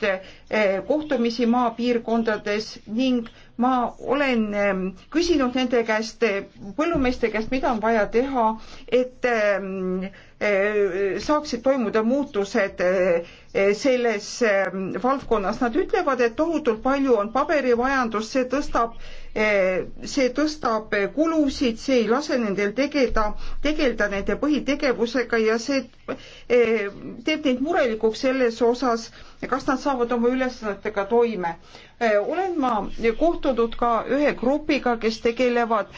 kohtumisi maapiirkondades ning ma olen ehm, küsinud nende käest, eh, põllumeeste käest, mida on vaja teha, et ehm, eh, saaksid toimuda muutused eh, selles ehm, valdkonnas. Nad ütlevad, et tohutult palju on paberivajandust, see tõstab Eh, see tõstab kulusid, see ei lase nendel tegeda, tegeleda nende põhitegevusega ja see eh, teeb neid murelikuks selles osas, kas nad saavad oma ülesannetega toime. Eh, olen ma kohtunud ka ühe grupiga, kes tegelevad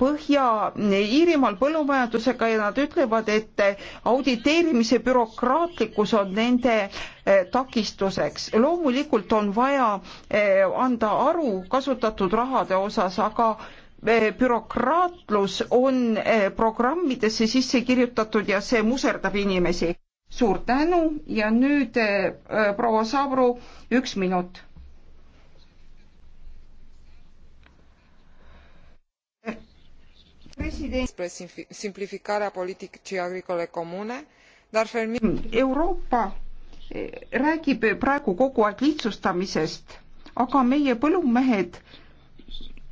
Põhja-Iirimaal põllumajandusega ja nad ütlevad, et auditeerimise bürokraatlikkus on nende Eh, takistuseks. loomulikult on vaja eh, anda aru kasutatud rahade osas, aga eh, bürokraatlus on programmidesse sisse kirjutatud ja see muserdab inimesi. suur tänu ja nüüd proua Savru, üks minut. spre simplificarea politicii agricole comune, dar fermi- Euroopa räägib praegu kogu aeg lihtsustamisest, aga meie põllumehed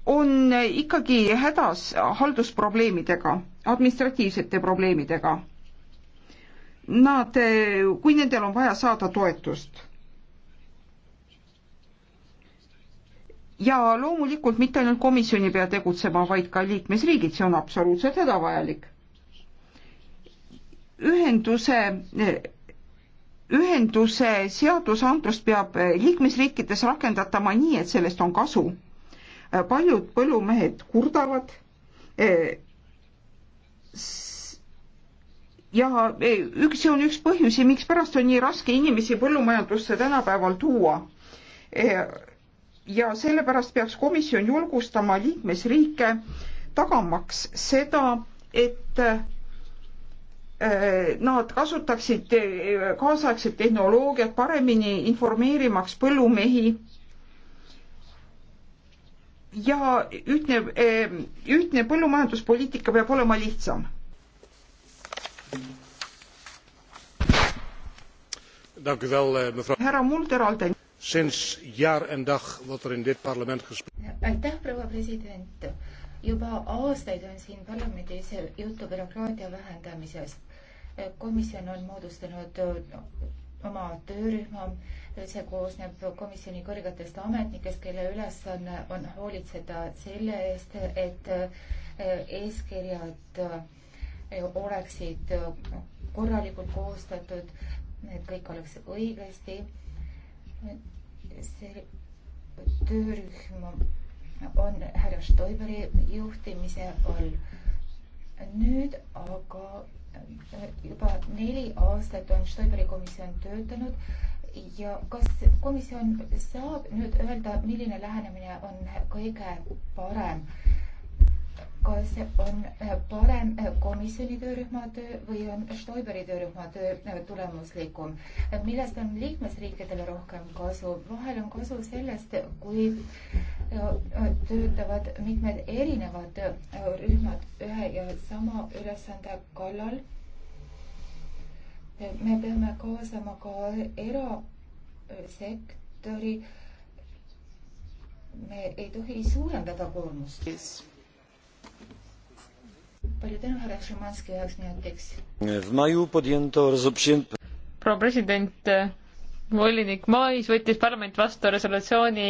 on ikkagi hädas haldusprobleemidega, administratiivsete probleemidega. Nad, kui nendel on vaja saada toetust ja loomulikult mitte ainult komisjon ei pea tegutsema, vaid ka liikmesriigid, see on absoluutselt hädavajalik. ühenduse ühenduse seadusandlust peab liikmesriikides rakendatama nii, et sellest on kasu. paljud põllumehed kurdavad eh, ja eh, üks, see on üks põhjusi, mikspärast on nii raske inimesi põllumajandusse tänapäeval tuua. Eh, ja sellepärast peaks komisjon julgustama liikmesriike tagamaks seda, et Äh, nad kasutaksid äh, kaasaegset tehnoloogiat paremini informeerimaks põllumehi ja ühtne, äh, ühtne põllumajanduspoliitika peab olema lihtsam. Eh, härra Mulder, Alden. Er aitäh, proua president. juba aastaid on siin parlamendis juttu bürokraatia vähendamisest komisjon on moodustanud oma töörühma, see koosneb komisjoni kõrgetest ametnikest, kelle ülesanne on, on hoolitseda selle eest, et eh, eeskirjad eh, oleksid eh, korralikult koostatud, et kõik oleks õigesti. see töörühm on härra Stoiberi juhtimise all. nüüd aga juba neli aastat on Stoiberi komisjon töötanud ja kas komisjon saab nüüd öelda, milline lähenemine on kõige parem? kas on eh, parem eh, komisjoni töörühma töö või on Stoiberi töörühma töö eh, tulemuslikum? millest on liikmesriikidele rohkem kasu? vahel on kasu sellest, kui töötavad mitmed erinevad rühmad ühe ja sama ülesande kallal. me peame kaasama ka erasektori. me ei tohi suurendada koormust yes palju tänu, härra Šumanski, üheks minutiks. proua president, e, volinik mais võttis parlament vastu resolutsiooni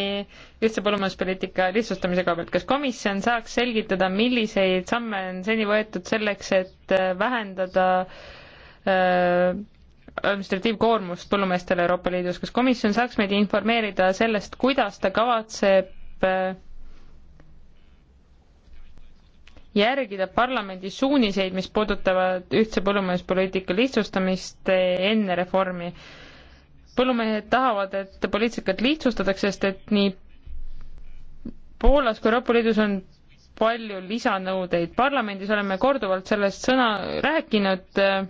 ühtse põllumajanduspoliitika lihtsustamise koha pealt. kas komisjon saaks selgitada, milliseid samme on seni võetud selleks, et e, vähendada äh, administratiivkoormust põllumeestele Euroopa Liidus, kas komisjon saaks meid informeerida sellest, kuidas ta kavatseb äh, järgida parlamendi suuniseid, mis puudutavad ühtse põllumajanduspoliitika lihtsustamist eh, enne reformi. põllumehed tahavad, et poliitikat lihtsustatakse, sest et nii Poolas kui Euroopa Liidus on palju lisanõudeid. parlamendis oleme korduvalt sellest sõna rääkinud äh,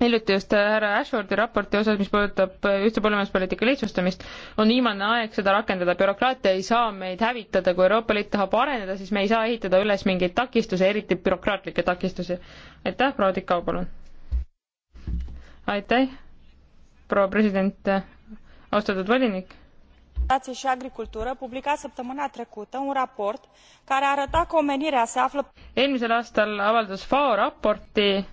hiljuti just äh, härra Ashfordi raporti osas, mis puudutab äh, ühtse põllumajanduspoliitika lihtsustamist, on viimane aeg seda rakendada, bürokraatia ei saa meid hävitada, kui Euroopa Liit tahab areneda, siis me ei saa ehitada üles mingeid takistusi, eriti bürokraatlikke takistusi. aitäh, proua Tikau, palun! aitäh, proua president, austatud volinik! alimentație și agricultură publica săptămâna trecută un raport care arăta că omenirea se află. eelmisel aastal avaldas fao raporti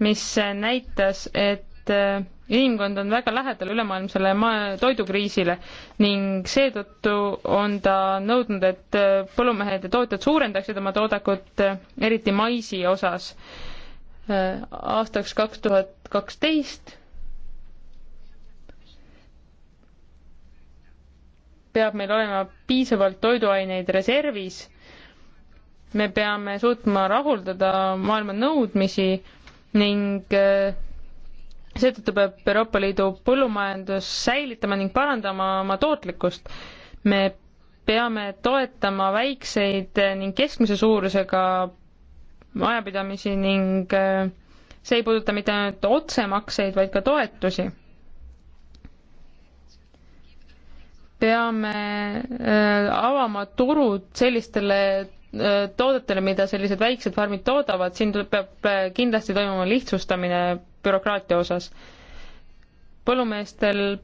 mis näitas, et äh, inimkond on väga lähedal ülemaailmsele maa-, toidukriisile ning seetõttu on ta nõudnud, et äh, põllumehed ja tootjad suurendaksid oma toodakut, äh, eriti maisi osas. aastaks kaks tuhat kaksteist peab meil olema piisavalt toiduaineid reservis, me peame suutma rahuldada maailma nõudmisi ning äh, seetõttu peab Euroopa Liidu põllumajandus säilitama ning parandama oma tootlikkust. me peame toetama väikseid ning keskmise suurusega majapidamisi ning äh, see ei puuduta mitte ainult otsemakseid, vaid ka toetusi. peame äh, avama turud sellistele toodetele, mida sellised väiksed farmid toodavad, siin tuleb, peab eh, kindlasti toimuma lihtsustamine bürokraatia osas. põllumeestel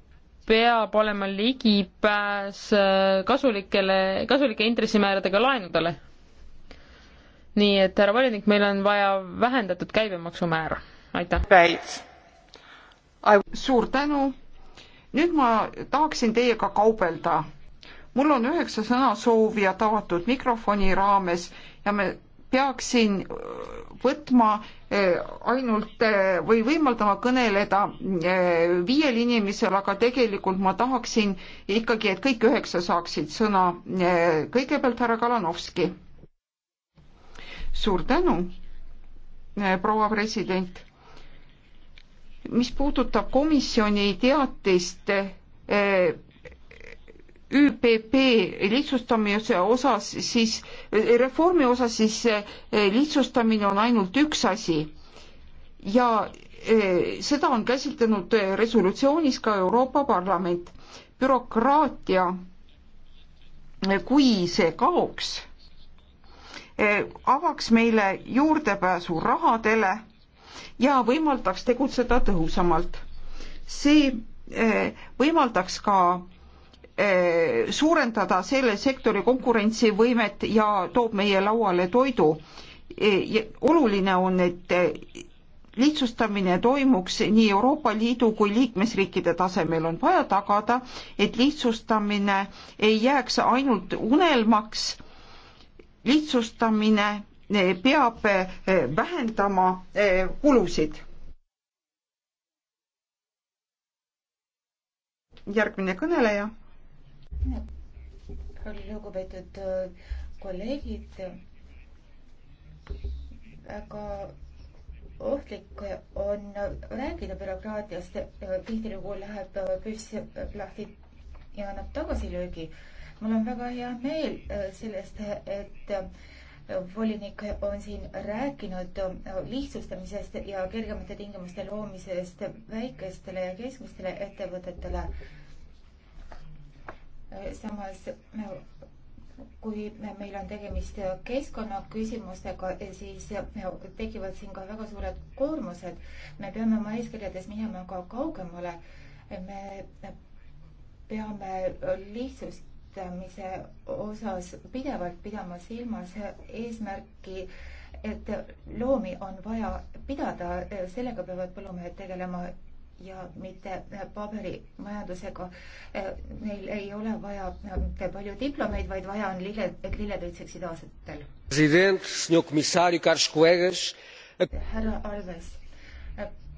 peab olema ligipääs eh, kasulikele, kasulike intressimääradega laenudele. nii et härra volinik, meil on vaja vähendatud käibemaksumäära, aitäh right.. suur tänu. nüüd ma tahaksin teiega kaubelda mul on üheksa sõnasoovijat avatud mikrofoni raames ja me peaksin äh, võtma äh, ainult äh, või võimaldama kõneleda viiel inimesel, aga tegelikult ma tahaksin ikkagi, et kõik üheksa saaksid sõna. kõigepealt härra Kalanovski. suur tänu, proua president. mis puudutab komisjoni teatist ÜPP lihtsustamise osas, siis reformi osas, siis eh, lihtsustamine on ainult üks asi. ja eh, seda on käsitlenud resolutsioonis ka Euroopa Parlament. bürokraatia, eh, kui see kaoks, avaks meile juurdepääsu rahadele ja võimaldaks tegutseda tõhusamalt. see võimaldaks ka Eh, suurendada selle sektori konkurentsivõimet ja toob meie lauale toidu. Eh, oluline on, et eh, lihtsustamine toimuks nii Euroopa Liidu kui liikmesriikide tasemel, on vaja tagada, et lihtsustamine ei jääks ainult unelmaks. lihtsustamine peab vähendama kulusid. järgmine kõneleja lugupeetud äh, kolleegid, väga ohtlik on rääkida bürokraatiast, äh, tihtilugu läheb äh, püss lahti ja annab tagasilöögi. mul on väga hea meel sellest, et volinik on siin rääkinud lihtsustamisest ja kergemate tingimuste loomisest väikestele ja keskmistele ettevõtetele Äh, samas äh, kui meil on tegemist äh, keskkonnaküsimustega, siis tekivad siin ka väga suured koormused. me peame oma eeskirjades minema ka kaugemale. me peame lihtsustamise osas pidevalt pidama silmas eesmärki, et loomi on vaja pidada, sellega peavad põllumehed tegelema ja mitte äh, paberimajandusega. Neil äh, ei ole vaja äh, mitte palju diplomeid, vaid vaja on lille, lilletöitseid idaasetel. härra Alves,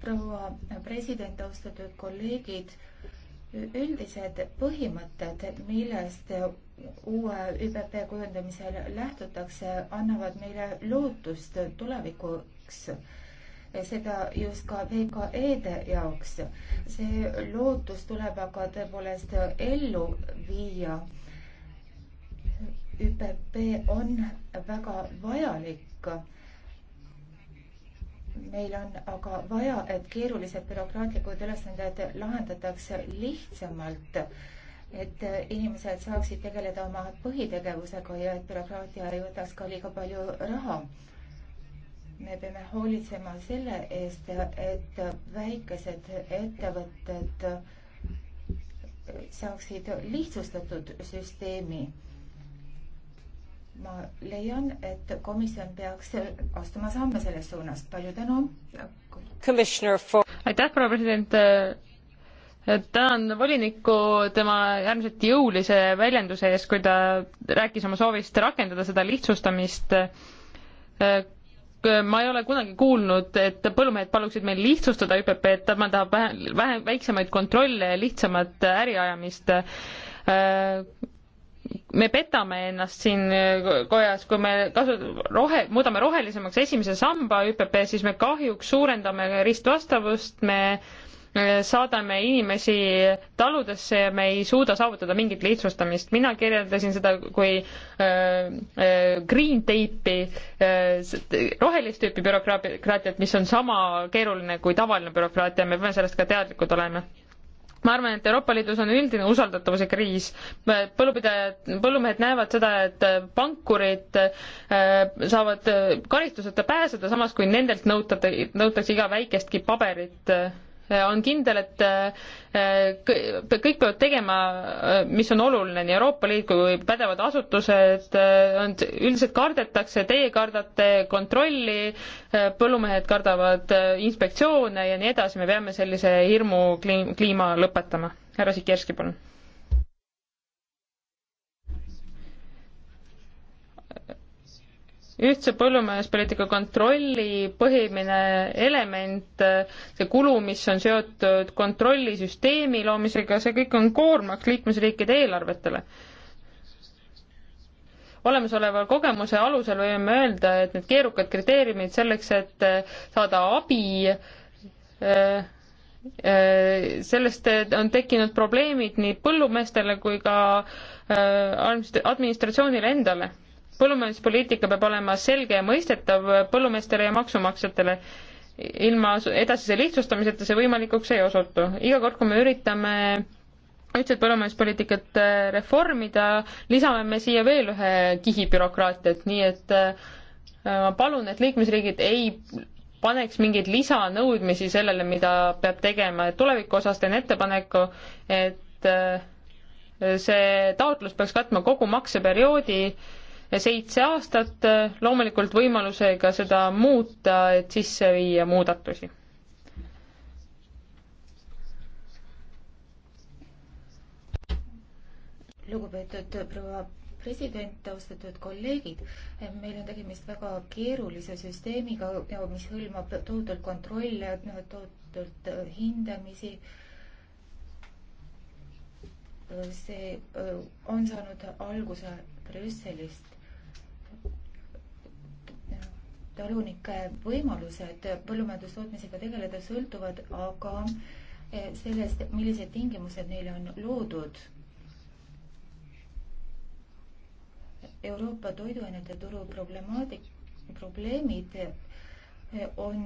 proua president, austatud kolleegid, üldised põhimõtted, millest uue ÜPP kujundamisel lähtutakse, annavad meile lootust tulevikuks seda just ka VKE-de jaoks. see lootus tuleb aga tõepoolest ellu viia. ÜPP on väga vajalik. meil on aga vaja, et keerulised bürokraatlikud ülesanded lahendatakse lihtsamalt et inimesed saaksid tegeleda oma põhitegevusega ja et bürokraatia ei võtaks ka liiga palju raha me peame hoolitsema selle eest, et väikesed ettevõtted saaksid lihtsustatud süsteemi. ma leian, et komisjon peaks astuma samme selles suunas. palju tänu. aitäh, proua president. tänan volinikku tema äärmiselt jõulise väljenduse eest, kui ta rääkis oma soovist rakendada seda lihtsustamist Äh, ma ei ole kunagi kuulnud, et põllumehed paluksid meil lihtsustada ÜPP-d, tema tahab vähe, vähe, väiksemaid kontrolle ja lihtsamat äriajamist. Äh, me petame ennast siin äh, kojas, kui me kasu-, rohe, muudame rohelisemaks esimese samba ÜPP, siis me kahjuks suurendame ristvastavust, me saadame inimesi taludesse ja me ei suuda saavutada mingit lihtsustamist. mina kirjeldasin seda kui äh, äh green tape'i äh,, rohelist tüüpi bürokraatiat, mis on sama keeruline kui tavaline bürokraatia, me peame sellest ka teadlikud olema ma arvan, et Euroopa Liidus on üldine usaldatavuse kriis. põllupidajad, põllumehed näevad seda, et pankurid äh, saavad karistuseta pääseda, samas kui nendelt nõutate, nõutakse iga väikestki paberit äh, on kindel, et äh, kõik peavad tegema, äh, mis on oluline, nii Euroopa Liit kui pädevad asutused, äh, on, üldiselt kardetakse, teie kardate kontrolli, põllumehed kardavad inspektsioone ja nii edasi, me peame sellise hirmu kliima lõpetama. härra Sikerski, palun ühtse põllumajanduspoliitika kontrolli põhimine element, see kulu, mis on seotud kontrollisüsteemi loomisega, see kõik on koormaks liikmesriikide eelarvetele. olemasoleva kogemuse alusel võime öelda, et need keerukad kriteeriumid selleks, et äh, saada abi äh, äh, sellest on tekkinud probleemid nii põllumeestele kui ka administratsioonile endale põllumajanduspoliitika peab olema selge ja mõistetav põllumeestele ja maksumaksjatele. ilma edasise lihtsustamiseta see võimalikuks ei osutu. iga kord, kui me üritame ühtset põllumajanduspoliitikat äh, reformida, lisame me siia veel ühe kihi bürokraatiat, nii et äh, ma palun, et liikmesriigid ei paneks mingeid lisanõudmisi sellele, mida peab tegema, et tuleviku osas teen ettepaneku, et äh, see taotlus peaks katma kogu makseperioodi äh, seitse aastat, äh, loomulikult võimalusega seda muuta, et sisse viia muudatusi. lugupeetud proua president, austatud kolleegid, meil on tegemist väga keerulise süsteemiga, mis hõlmab tohutult kontrolle, tohutult äh, hindamisi. Äh, see on saanud alguse Brüsselist talunike võimalused põllumajandustootmisega tegeleda sõltuvad aga eh, sellest, millised tingimused neile on loodud. Euroopa toiduainete turu problemaatik, probleemid eh, on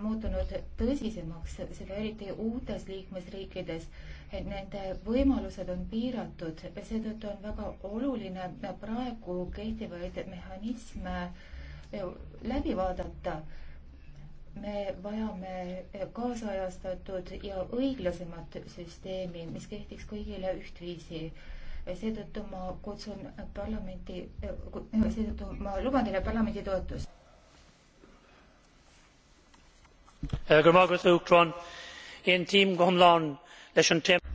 muutunud tõsisemaks, seda eriti uutes liikmesriikides. Eh, nende võimalused on piiratud, seetõttu on väga oluline praegu kehtivaid mehhanisme äh, läbi vaadata. me vajame kaasajastatud ja õiglasemat süsteemi, mis kehtiks kõigile ühtviisi seetõttu ma kutsun parlamenti, seetõttu ma luban teile parlamendi toetust.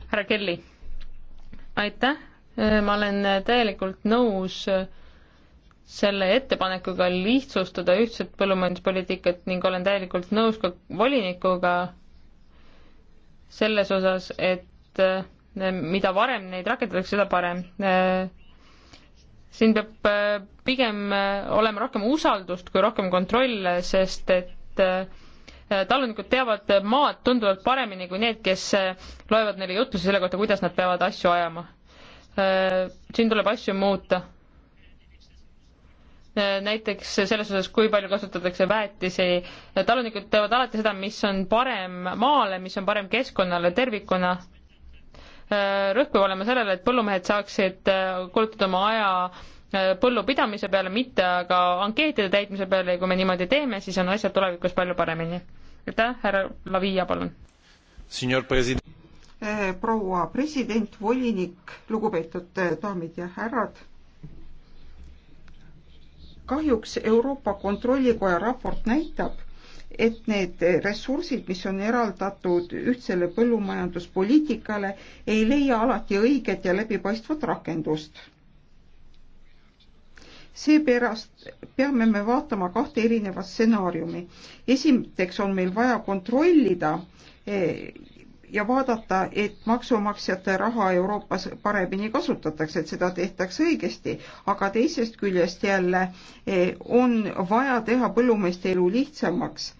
härra Kelly, aitäh, ma olen täielikult nõus selle ettepanekuga lihtsustada ühtset põllumajanduspoliitikat ning olen täielikult nõus ka volinikuga selles osas, et eh, mida varem neid rakendatakse, seda parem. Eh, siin peab eh, pigem olema rohkem usaldust kui rohkem kontrolle, sest et talunikud teavad maad tunduvalt paremini kui need, kes loevad neile jutlusi selle kohta, kuidas nad peavad asju ajama. siin tuleb asju muuta Äh, näiteks selles osas, kui palju kasutatakse väetisi. Äh, talunikud teevad alati seda, mis on parem maale, mis on parem keskkonnale tervikuna. Äh, rõhk peab olema sellele, et põllumehed saaksid kulutada oma aja põllu pidamise peale, mitte aga ankeetide täitmise peale ja kui me niimoodi teeme, siis on asjad tulevikus palju paremini. aitäh, härra Lavia, palun. proua president, volinik, lugupeetud daamid ja härrad kahjuks Euroopa Kontrollikoja raport näitab, et need ressursid, mis on eraldatud ühtsele põllumajanduspoliitikale, ei leia alati õiget ja läbipaistvat rakendust. seepärast peame me vaatama kahte erinevat stsenaariumi. esiteks on meil vaja kontrollida eh, ja vaadata, et maksumaksjate raha Euroopas paremini kasutatakse, et seda tehtakse õigesti, aga teisest küljest jälle eh, on vaja teha põllumeeste elu lihtsamaks.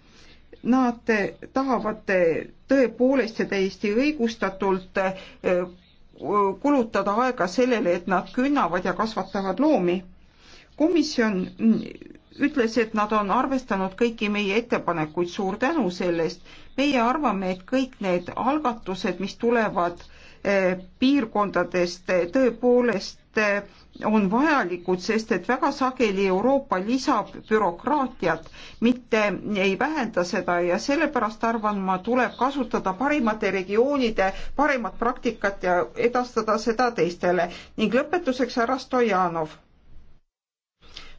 Nad eh, tahavad eh, tõepoolest ja täiesti õigustatult kulutada aega sellele, et nad künnavad ja kasvatavad loomi. komisjon mm, ütles, et nad on arvestanud kõiki meie ettepanekuid, suur tänu sellest meie arvame, et kõik need algatused, mis tulevad eh, piirkondadest eh, tõepoolest eh, on vajalikud, sest et väga sageli Euroopa lisab bürokraatiat, mitte ei vähenda seda ja sellepärast arvan ma, tuleb kasutada parimate regioonide parimat praktikat ja edastada seda teistele. ning lõpetuseks härra Stojanov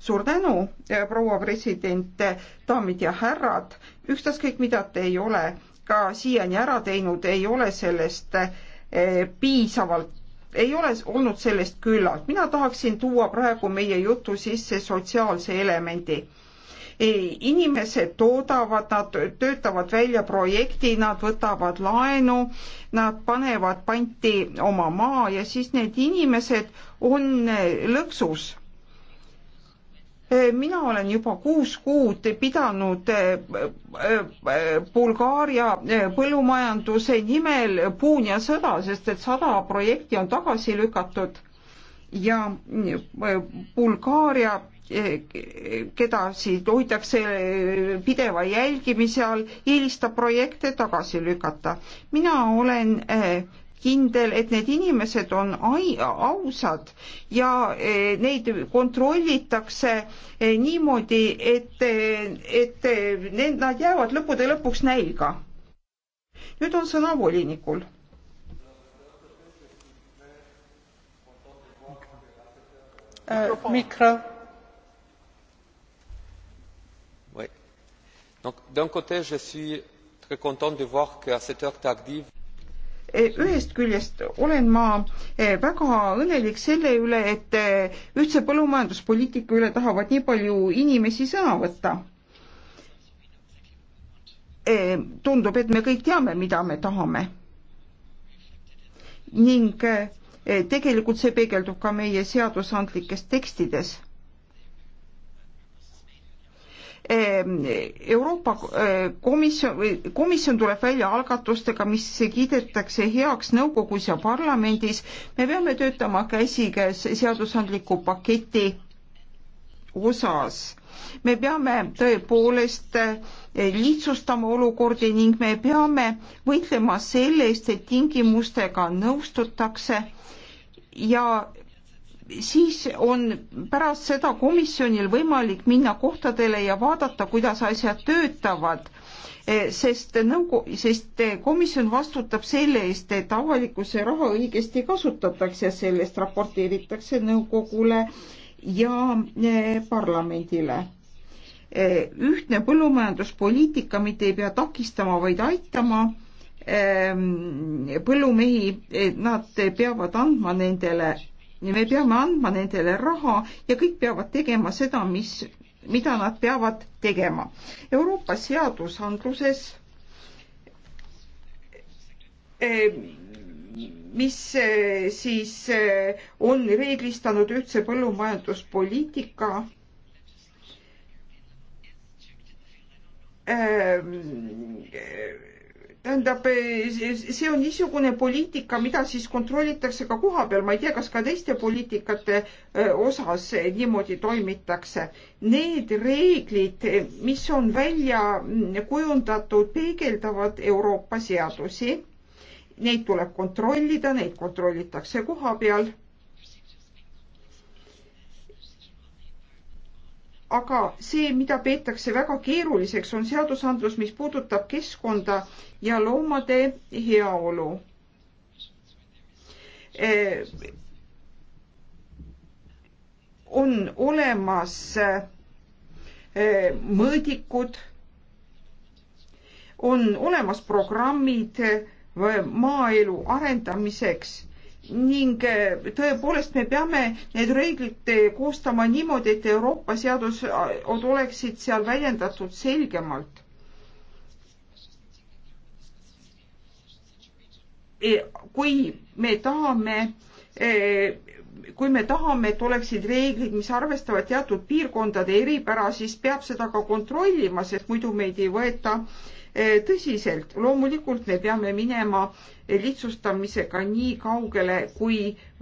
suur tänu, eh, proua president, eh, daamid ja härrad, ükstaskõik mida te ei ole ka siiani ära teinud, ei ole sellest eh, piisavalt ei ole olnud sellest küllalt. mina tahaksin tuua praegu meie jutu sisse sotsiaalse elemendi. E, inimesed toodavad, nad töötavad välja projekti, nad võtavad laenu, nad panevad panti oma maa ja siis need inimesed on lõksus mina olen juba kuus kuud pidanud Bulgaaria põllumajanduse nimel puunja sõda, sest et sada projekti on tagasi lükatud ja mm, Bulgaaria keda siin hoitakse pideva jälgimise all, eelistab projekte tagasi lükata. mina olen kindel, et need inimesed on ai-, ausad ja e, neid kontrollitakse e, niimoodi, et, e, et need, nad jäävad lõppude lõpuks nälga. nüüd on sõna volinikul äh, d'un côté je suis très content de voir qu'à cette heure tardive ühest küljest olen ma eh, väga õnnelik selle üle, et eh, ühtse põllumajanduspoliitika üle tahavad nii palju inimesi sõna võtta. Eh, tundub, et me kõik teame, mida me tahame. ning tegelikult see peegeldub ka meie seadusandlikes tekstides Ehm, Euroopa eh, Komisjon, komisjon tuleb välja algatustega, mis kiidetakse heaks nõukogus ja parlamendis. me peame töötama käsikäes seadusandliku paketi osas. me peame tõepoolest eh, lihtsustama olukordi ning me peame võitlema selle eest, et tingimustega nõustutakse ja siis on pärast seda komisjonil võimalik minna kohtadele ja vaadata, kuidas asjad töötavad, eh, sest nõukogu, sest eh, komisjon vastutab selle eest, et avalikkuse raha õigesti kasutatakse, sellest raporteeritakse nõukogule ja eh, parlamendile. ühtne põllumajanduspoliitika mitte ei pea takistama, vaid aitama põllumehi, nad peavad andma nendele ja me peame andma nendele raha ja kõik peavad tegema seda, mis, mida nad peavad tegema. Euroopa seadusandluses eh, mis eh, siis eh, on reeglistanud ühtse põllumajanduspoliitika ähm, tähendab, eh, see on niisugune poliitika, mida siis kontrollitakse ka kohapeal, ma ei tea, kas ka teiste poliitikate eh, osas niimoodi toimitakse. Need reeglid, mis on välja mm, kujundatud, peegeldavad Euroopa seadusi. Neid tuleb kontrollida, neid kontrollitakse kohapeal aga see, mida peetakse väga keeruliseks, on seadusandlus, mis puudutab keskkonda ja loomade heaolu. Äh, on olemas äh, mõõdikud, on olemas programmid äh, maaelu arendamiseks ning eh, tõepoolest me peame need reeglid eh, koostama niimoodi, et Euroopa seadused eh, oleksid seal väljendatud selgemalt. E, kui me tahame, kui me tahame, et oleksid reeglid, mis arvestavad teatud piirkondade eripära, siis peab seda ka kontrollima, sest muidu meid ei võeta äh, Eh, tõsiselt. loomulikult me peame minema lihtsustamisega nii kaugele kui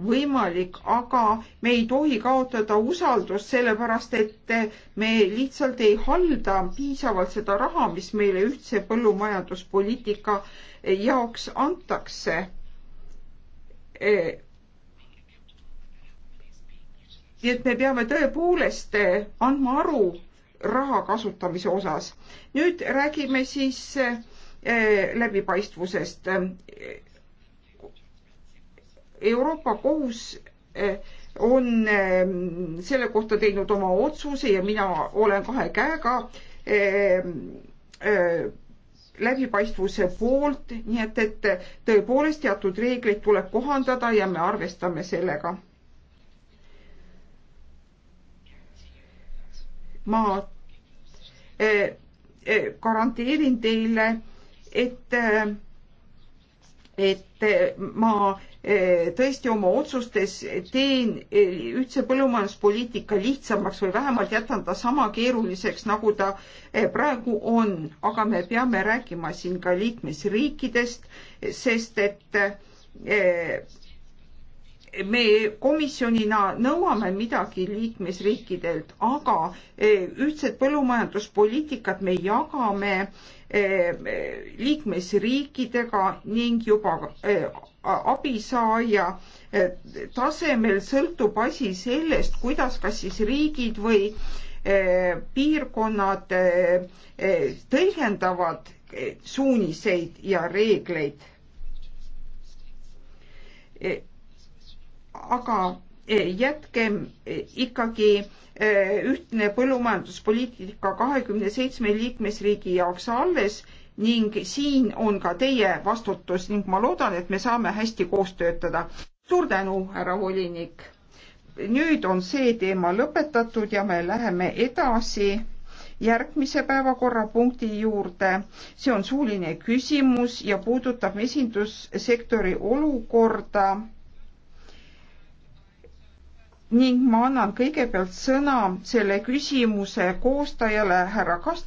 võimalik, aga me ei tohi kaotada usaldust, sellepärast et eh, me lihtsalt ei halda piisavalt seda raha, mis meile ühtse põllumajanduspoliitika eh, jaoks antakse. nii et me peame tõepoolest andma aru raha kasutamise osas. nüüd räägime siis eh, läbipaistvusest. Eh, Euroopa Kohus eh, on selle kohta teinud oma otsuse ja mina olen kahe käega läbipaistvuse poolt, nii et, et tõepoolest teatud reegleid tuleb kohandada ja me arvestame sellega. ma Äh, äh, garanteerin teile, et äh, et ma tõesti oma otsustes teen ühtse põllumajanduspoliitika lihtsamaks või vähemalt jätan ta sama keeruliseks, nagu ta praegu on, aga me peame rääkima siin ka liikmesriikidest, sest et me komisjonina nõuame midagi liikmesriikidelt, aga e, ühtset põllumajanduspoliitikat me jagame e, e, liikmesriikidega ning juba abisaaja tasemel sõltub asi sellest, kuidas kas siis riigid või piirkonnad tõlgendavad suuniseid ja reegleid aga eh, jätkem eh, ikkagi eh, ühtne põllumajanduspoliitika kahekümne seitsme liikmesriigi jaoks alles ning siin on ka teie vastutus ning ma loodan, et me saame hästi koos töötada. suur tänu, härra volinik. nüüd on see teema lõpetatud ja me läheme edasi järgmise päevakorrapunkti juurde. see on suuline küsimus ja puudutab mesindussektori olukorda ning ma annan kõigepealt sõna selle küsimuse koostajale härra Kast-.